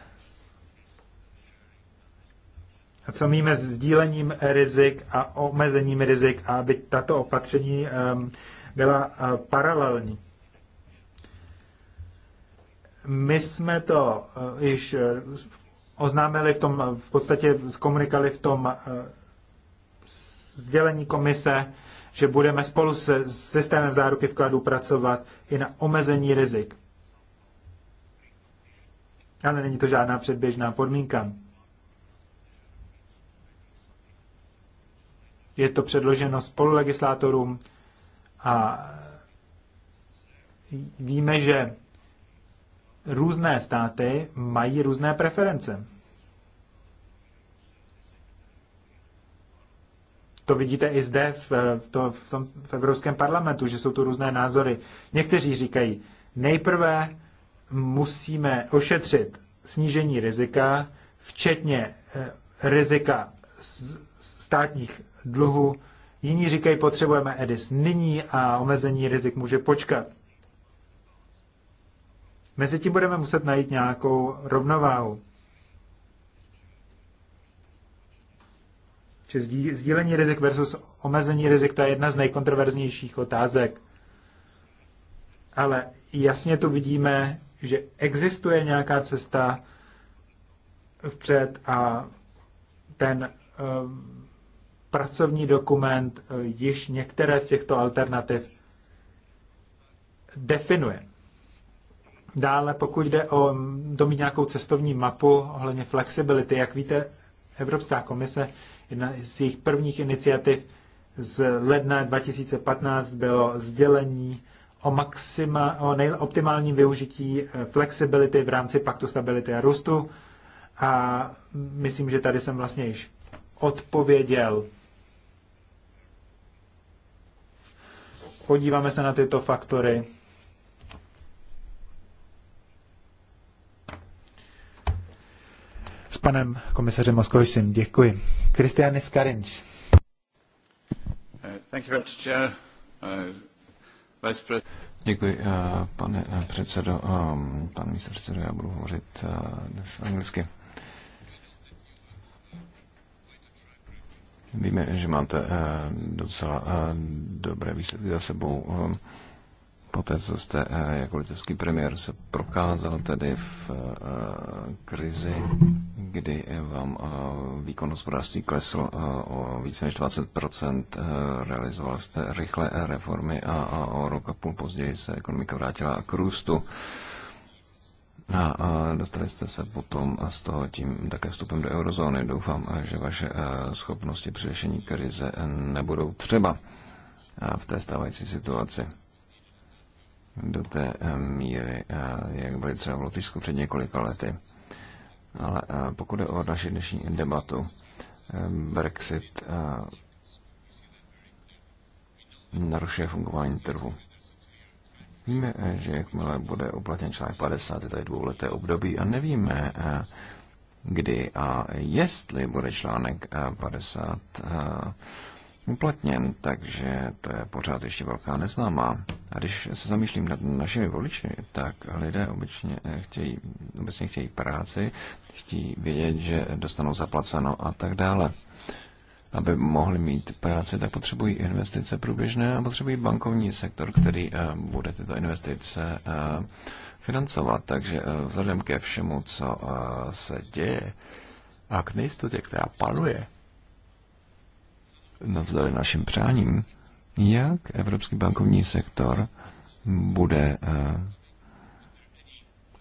a co míme s sdílením rizik a omezením rizik, a aby tato opatření ehm, byla eh, paralelní. My jsme to eh, již eh, oznámili v tom, v podstatě zkomunikali v tom sdělení komise že budeme spolu se systémem záruky vkladů pracovat i na omezení rizik. Ale není to žádná předběžná podmínka. Je to předloženo spolulegislátorům a víme, že různé státy mají různé preference. to vidíte i zde v, to, v, tom, v Evropském parlamentu, že jsou tu různé názory. Někteří říkají, nejprve musíme ošetřit snížení rizika, včetně eh, rizika státních dluhů. Jiní říkají, potřebujeme EDIS nyní a omezení rizik může počkat. Mezi tím budeme muset najít nějakou rovnováhu. že sdílení rizik versus omezení rizik, to je jedna z nejkontroverznějších otázek. Ale jasně tu vidíme, že existuje nějaká cesta vpřed a ten um, pracovní dokument eh, již některé z těchto alternativ definuje. Dále, pokud jde o domít nějakou cestovní mapu ohledně flexibility, jak víte, Evropská komise Jedna z jejich prvních iniciativ z ledna 2015 bylo sdělení o, maxima, o nejoptimálním využití eh, flexibility v rámci paktu stability a růstu. A myslím, že tady jsem vlastně již odpověděl. Podíváme se na tyto faktory. panem komisařem Moskovičem. Děkuji. Kristianis Skarinč. Uh, Děkuji, uh, pane uh, předsedo. Um, pan předsedo, já budu hovořit dnes anglicky. Víme, že máte docela dobré výsledky za sebou um, poté, co jste eh, jako litevský premiér se prokázal tedy v eh, krizi, kdy vám eh, výkon hospodářství klesl o více než 20%, realizoval jste rychlé reformy a o rok a půl později se ekonomika vrátila k růstu. A, dostali jste se potom a z toho tím také vstupem do eurozóny. Doufám, že vaše schopnosti při řešení krize nebudou třeba v té stávající situaci do té eh, míry, eh, jak byly třeba v Lotyšsku před několika lety. Ale eh, pokud je o naši dnešní debatu, Brexit narušuje fungování trhu. Víme, že jakmile bude uplatněn článek 50, je tady dvouleté období a nevíme, kdy a jestli bude článek 50 uplatněn, takže to je pořád ještě velká neznámá. A když se zamýšlím nad našimi voliči, tak lidé obyčně chtějí, obecně chtějí práci, chtějí vědět, že dostanou zaplaceno a tak dále. Aby mohli mít práci, tak potřebují investice průběžné a potřebují bankovní sektor, který eh, bude tyto investice eh, financovat. Takže eh, vzhledem ke všemu, co se děje a k nejistotě, která panuje, navzdory našim přáním, jak evropský bankovní sektor bude eh,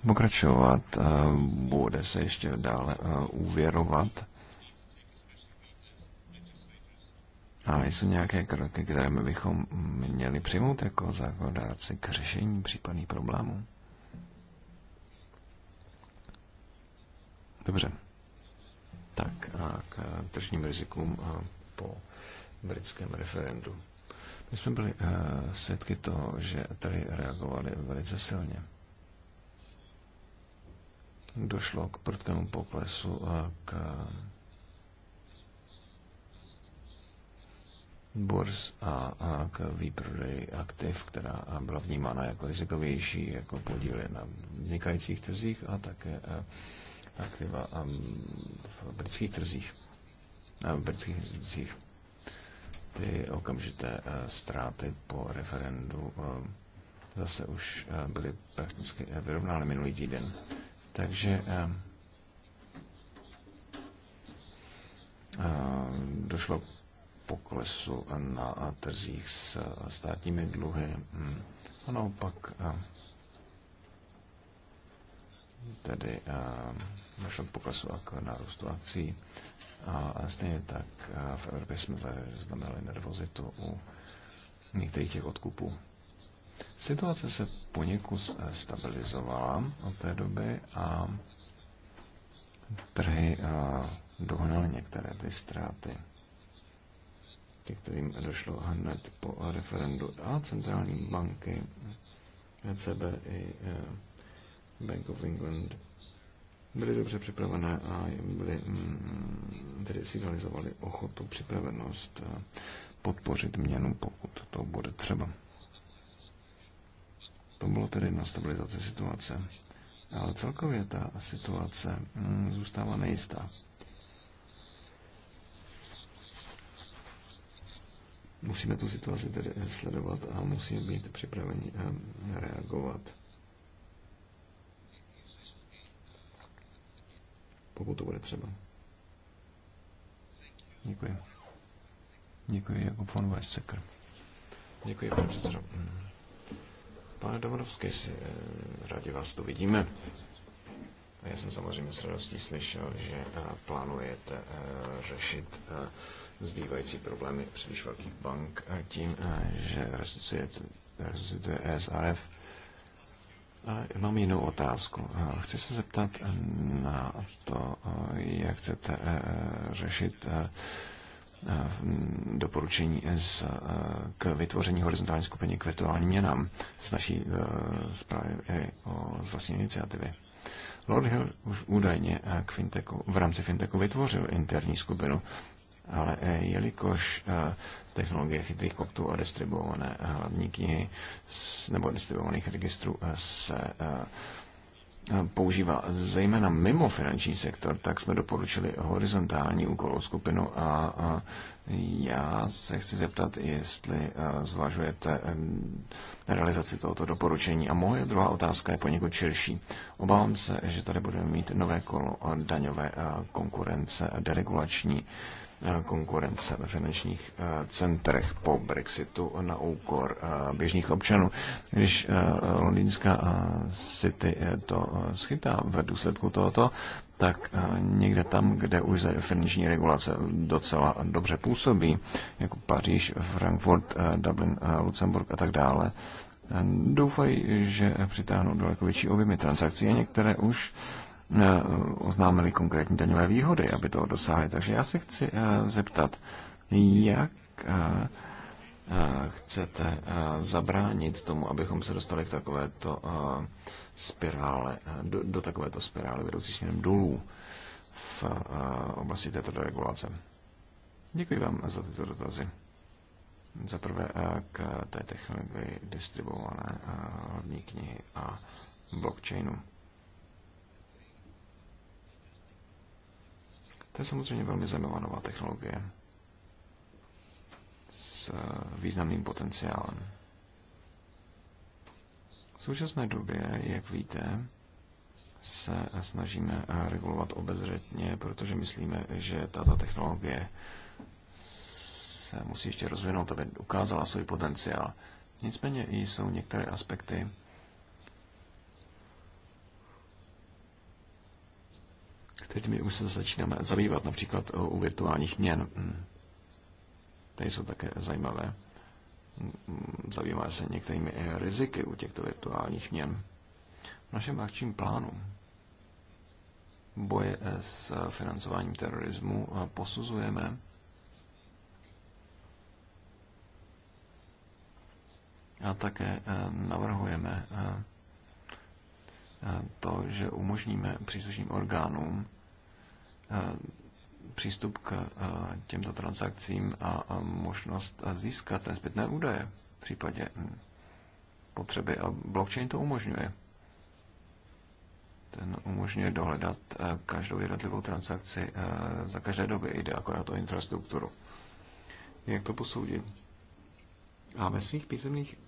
pokračovat, eh, bude se ještě dále eh, úvěrovat. A jsou nějaké kroky, které my bychom měli přijmout jako zákonodáci k řešení případných problémů? Dobře. Tak a k tržním rizikům po britském referendu. My jsme byli uh, svědky toho, že tady reagovali velice silně. Došlo k prudkému poklesu a eh, k uh, burz a, a k výprodeji aktiv, která byla vnímána jako rizikovější, jako podíly na vznikajících trzích a také uh, aktiva v britských trzích. v britských trzích ty okamžité eh, ztráty po referendu eh, zase už eh, byly prakticky vyrovnány minulý týden. Takže došlo k poklesu na trzích s státními dluhy hm. a naopak tedy došlo k poklesu a k nárůstu akcí. A stejně tak v Evropě jsme znamenali nervozitu u některých těch odkupů. Situace se poněkud e, stabilizovala od té doby a trhy dohnaly některé ty ztráty, ke kterým došlo hned po referendu a centrální banky ECB i e, Bank of England byly dobře připravené a byly, mm, mm, tedy signalizovali ochotu, připravenost eh, podpořit měnu, pokud to bude třeba. To bylo tedy na stabilizaci situace. Ale celkově ta situace mm, zůstává nejistá. Musíme tu situaci tedy sledovat a musíme být připraveni eh, reagovat pokud to bude třeba. Děkuji. Děkuji jako pan Weissecker. Děkuji, pane předsedo. Pane Domorovský, si, eh, rádi vás tu vidíme. Já jsem samozřejmě s radostí slyšel, že eh, plánujete eh, řešit zbývající problémy příliš velkých bank tím, že resuscituje SRF Mám jinou otázku. Chci se zeptat na to, jak chcete e, řešit e, doporučení z, e, k vytvoření horizontální skupiny k virtuálním měnám z naší zprávy o, z vlastní iniciativy. Lord Hill už údajně k fintechu, v rámci fintechu vytvořil interní skupinu ale eh, jelikož eh, technologie chytrých koptů a distribuované eh, hlavní knihy nebo distribuovaných registrů se používá zejména mimo finanční sektor, tak jsme doporučili horizontální úkolovou skupinu a, já se chci zeptat, jestli zvažujete realizaci tohoto doporučení. A moje druhá otázka je poněkud širší. Obávám se, že tady budeme mít nové kolo daňové konkurence deregulační Eh, konkurence ve finančních eh, centrech po Brexitu na úkor eh, běžných občanů. Když londýnská City to schytá v důsledku tohoto, tak někde tam, kde už finanční regulace docela dobře působí, jako Paříž, Frankfurt, Dublin, Lucemburg a tak dále, doufají, že přitáhnou daleko větší objemy transakcí a některé už uh, Eh, oznámili konkrétní daňové výhody, aby toho dosáhli. Takže já se chci eh, zeptat, jak eh, chcete zabránit tomu, abychom se dostali k takovéto spirále, do, do takovéto spirály vedoucí směrem dolů v oblasti této regulace. Děkuji vám za tyto dotazy. Za prvé k té technologii distribuované hlavní knihy a blockchainu. To je samozřejmě velmi zajímavá nová technologie s eh, významným potenciálem. V současné době, jak víte, se snažíme eh, regulovat obezřetně, protože myslíme, že tato technologie se musí ještě rozvinout, aby ukázala svůj potenciál. Nicméně jsou některé aspekty, my už se začínáme zabývat, například eh, u virtuálních měn. Hmm. Tady jsou také zajímavé. Hmm, hmm, Zabýváme se některými eh, riziky u těchto virtuálních měn. V našem akčním plánu boje eh, s financováním terorismu posuzujeme a také navrhujeme to, že umožníme příslušným orgánům přístup k těmto transakcím a možnost získat ten zbytné údaje v případě hm, potřeby. A blockchain to umožňuje. Ten umožňuje dohledat e, každou jednotlivou transakci e, za každé doby. Jde akorát o infrastrukturu. Jak to posoudit? A ve svých písemných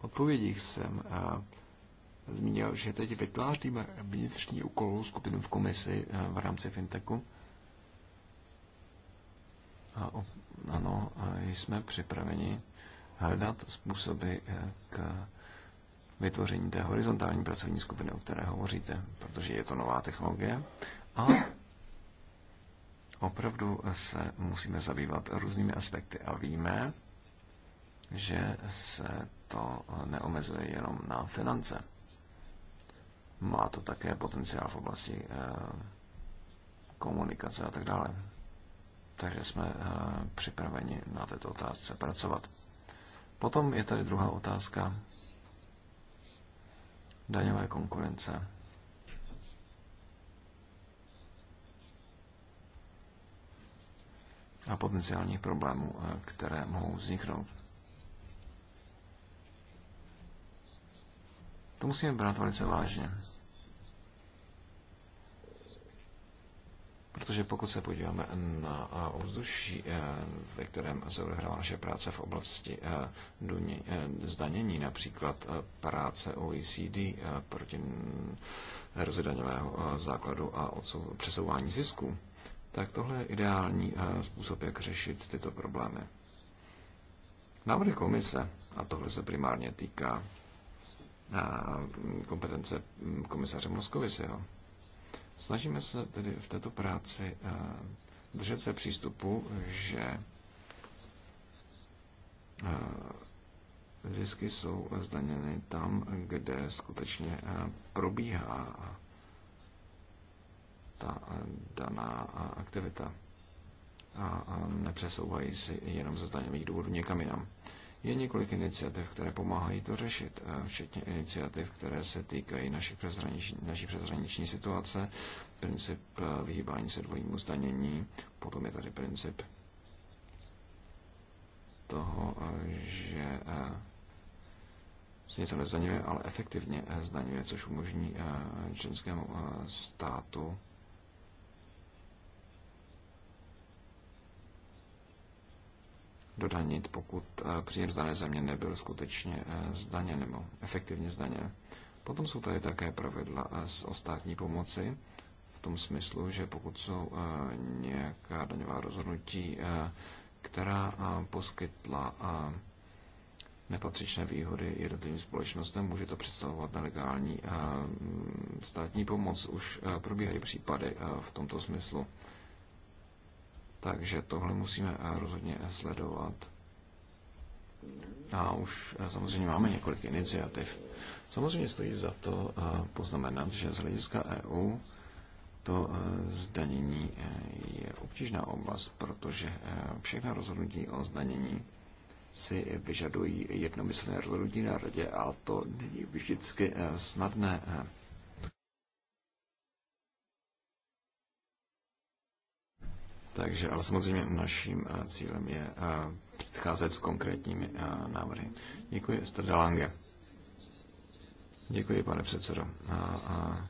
odpovědích jsem e, zmínil, že teď vytváříme vnitřní úkolovou skupinu v komisi eh, v rámci fintechu. A ano, jsme připraveni hledat způsoby eh, k vytvoření té horizontální pracovní skupiny, o které hovoříte, protože je to nová technologie. A opravdu se musíme zabývat různými aspekty a víme, že se to neomezuje jenom na finance. Má to také potenciál v oblasti eh, komunikace a tak dále. Takže jsme eh, připraveni na této otázce pracovat. Potom je tady druhá otázka daňové konkurence. a potenciálních problémů, eh, které mohou vzniknout. To musíme brát velice vážně. Protože pokud se podíváme na eh, ovzduší, eh, ve kterém se odehrává naše práce v oblasti eh, zdanění, například práce OECD proti rozdaňového základu a přesouvání zisku, tak tohle je ideální způsob, jak řešit tyto problémy. Návrhy komise, a tohle se primárně týká kompetence hm, komisaře Moskovisiho, Snažíme se tedy v této práci eh, držet se přístupu, že eh, zisky jsou zdaněny tam, kde skutečně eh, probíhá ta daná aktivita a nepřesouvají si jenom ze zdaněných důvodů někam jinam. Je několik iniciativ, které pomáhají to řešit, eh, včetně iniciativ, které se týkají naší přeshraniční, naší přeshraniční situace, princip eh, vyhýbání se dvojímu zdanění, potom je tady princip toho, eh, že se něco nezdaňuje, ale efektivně zdaňuje, což umožní členskému státu dodanit, pokud eh, příjem z dané země nebyl skutečně eh, zdaněn nebo efektivně zdaněn. Potom jsou tady také pravidla eh, z ostatní pomoci, v tom smyslu, že pokud jsou nějaká daňová rozhodnutí, která poskytla nepatřičné výhody jednotlivým společnostem, může to představovat nelegální státní pomoc. Už probíhají případy v tomto smyslu. Takže tohle musíme eh, rozhodně sledovat. A už eh, samozřejmě máme několik iniciativ. Samozřejmě stojí za to eh, poznamenat, že z hlediska EU to zdanění je obtížná oblast, protože všechna rozhodnutí o zdanění si vyžadují jednomyslné rozhodnutí na radě a to není vždycky snadné Takže, ale samozřejmě naším eh, cílem je eh, předcházet s konkrétními eh, návrhy. Děkuji, Esther Delange. Děkuji, pane předsedo. A, a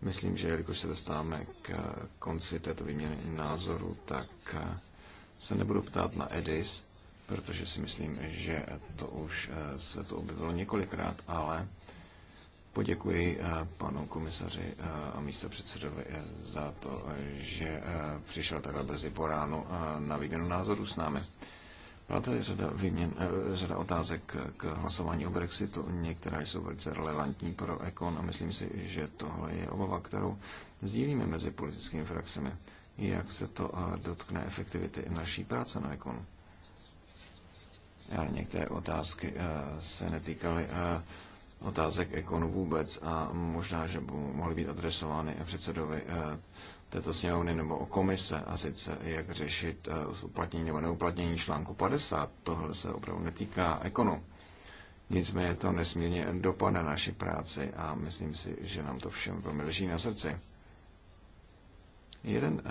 myslím, že jelikož se dostáváme k konci této výměny názoru, tak se nebudu ptát na EDIS, protože si myslím, že to už se to objevilo několikrát, ale poděkuji eh, panu komisaři eh, a místo předsedovi eh, za to, že přišel takhle brzy po ránu na výměnu názoru s námi. Byla tady řada, výměn, řada otázek k hlasování o Brexitu. Některé jsou velice relevantní pro Ekon a myslím si, že tohle je obava, kterou sdílíme mezi politickými frakcemi. Jak se to dotkne efektivity naší práce na Ekonu? Ale některé otázky se netýkaly otázek ekonu vůbec a možná, že by mohly být adresovány předsedovi eh, této sněmovny nebo o komise a sice jak řešit eh, uplatnění nebo neuplatnění článku 50. Tohle se opravdu netýká ekonu. Nicméně to nesmírně dopadne na naši práci a myslím si, že nám to všem velmi leží na srdci. Jeden eh,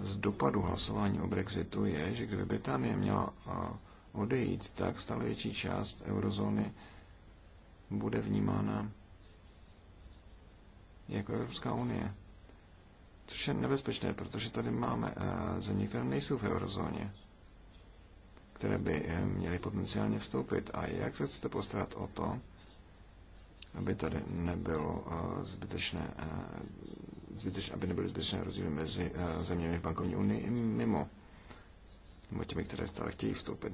z dopadů hlasování o Brexitu je, že kdyby Británie měla odejít, tak stále větší část eurozóny bude vnímána jako Evropská unie. Což je nebezpečné, protože tady máme eh, země, které nejsou v eurozóně, které by eh, měly potenciálně vstoupit. A jak se chcete postarat o to, aby tady nebylo eh, zbytečné, zbytečné aby nebyly zbytečné rozdíly mezi zeměmi v bankovní unii i mimo, nebo těmi, které stále chtějí vstoupit.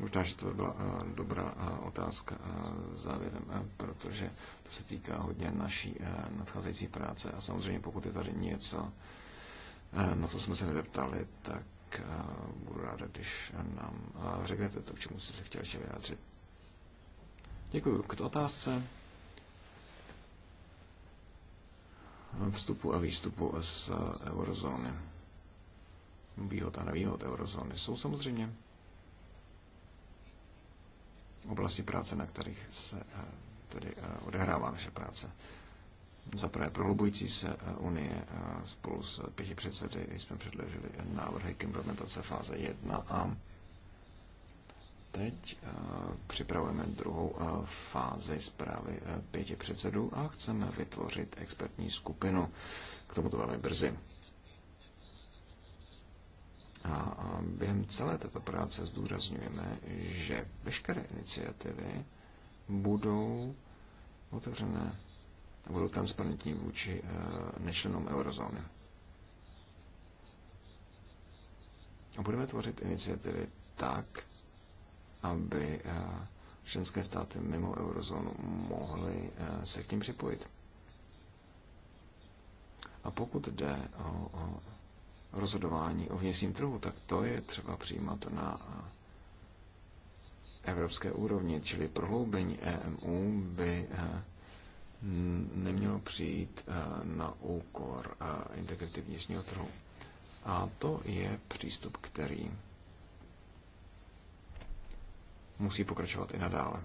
Možná, že to by byla eh, dobrá eh, otázka eh, závěrem, protože to se týká hodně naší nadcházející práce a samozřejmě pokud je tady něco, na co jsme se nedeptali, tak budu ráda, když nám řeknete to, k čemu jste se chtěli ještě vyjádřit. Děkuji k otázce vstupu a výstupu z eurozóny. Výhod a nevýhod eurozóny jsou samozřejmě oblasti práce, na kterých se eh, tedy eh, odehrává naše práce. Za prvé prohlubující se eh, Unie spolu s pěti předsedy jsme předložili návrhy k implementace fáze 1 a teď připravujeme druhou fázi zprávy pěti předsedů a chceme vytvořit expertní skupinu k tomuto velmi brzy. A během celé této práce zdůrazňujeme, že veškeré iniciativy budou otevřené a budou transparentní vůči e, nečlenům eurozóny. A budeme tvořit iniciativy tak, aby e, členské státy mimo eurozónu mohly e, se k ním připojit. A pokud jde o, o rozhodování o vnitřním trhu, tak to je třeba přijímat na evropské úrovni, čili prohloubení EMU by eh, nemělo přijít eh, na úkor eh, integrity vnitřního trhu. A to je přístup, který musí pokračovat i nadále.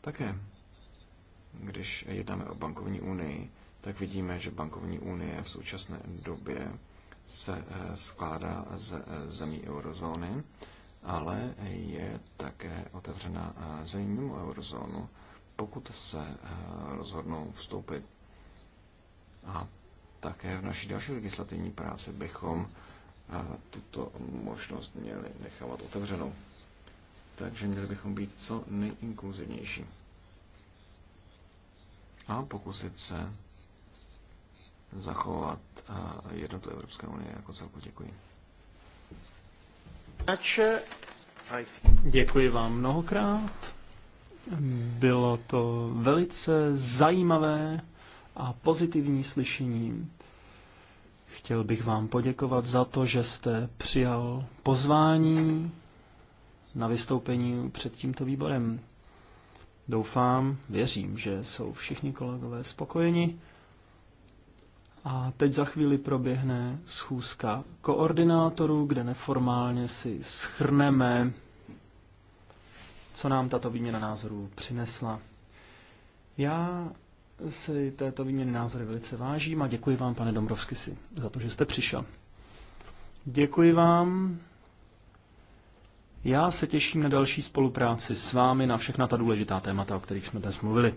Také, když jednáme o bankovní unii, tak vidíme, že bankovní unie v současné době se eh, skládá z eh, zemí eurozóny, ale je také otevřena eh, zemí mimo eurozónu, pokud se rozhodnou vstoupit. A také v naší další legislativní práci bychom tuto možnost měli nechávat otevřenou. Takže měli bychom být co nejinkluzivnější a pokusit se zachovat jednotu Evropské unie jako celku. Děkuji. Děkuji vám mnohokrát. Bylo to velice zajímavé a pozitivní slyšení. Chtěl bych vám poděkovat za to, že jste přijal pozvání na vystoupení před tímto výborem. Doufám, věřím, že jsou všichni kolegové spokojeni. A teď za chvíli proběhne schůzka koordinátorů, kde neformálně si schrneme, co nám tato výměna názorů přinesla. Já si této výměny názory velice vážím a děkuji vám, pane Dombrovsky, si za to, že jste přišel. Děkuji vám. Já se těším na další spolupráci s vámi na všechna ta důležitá témata, o kterých jsme dnes mluvili.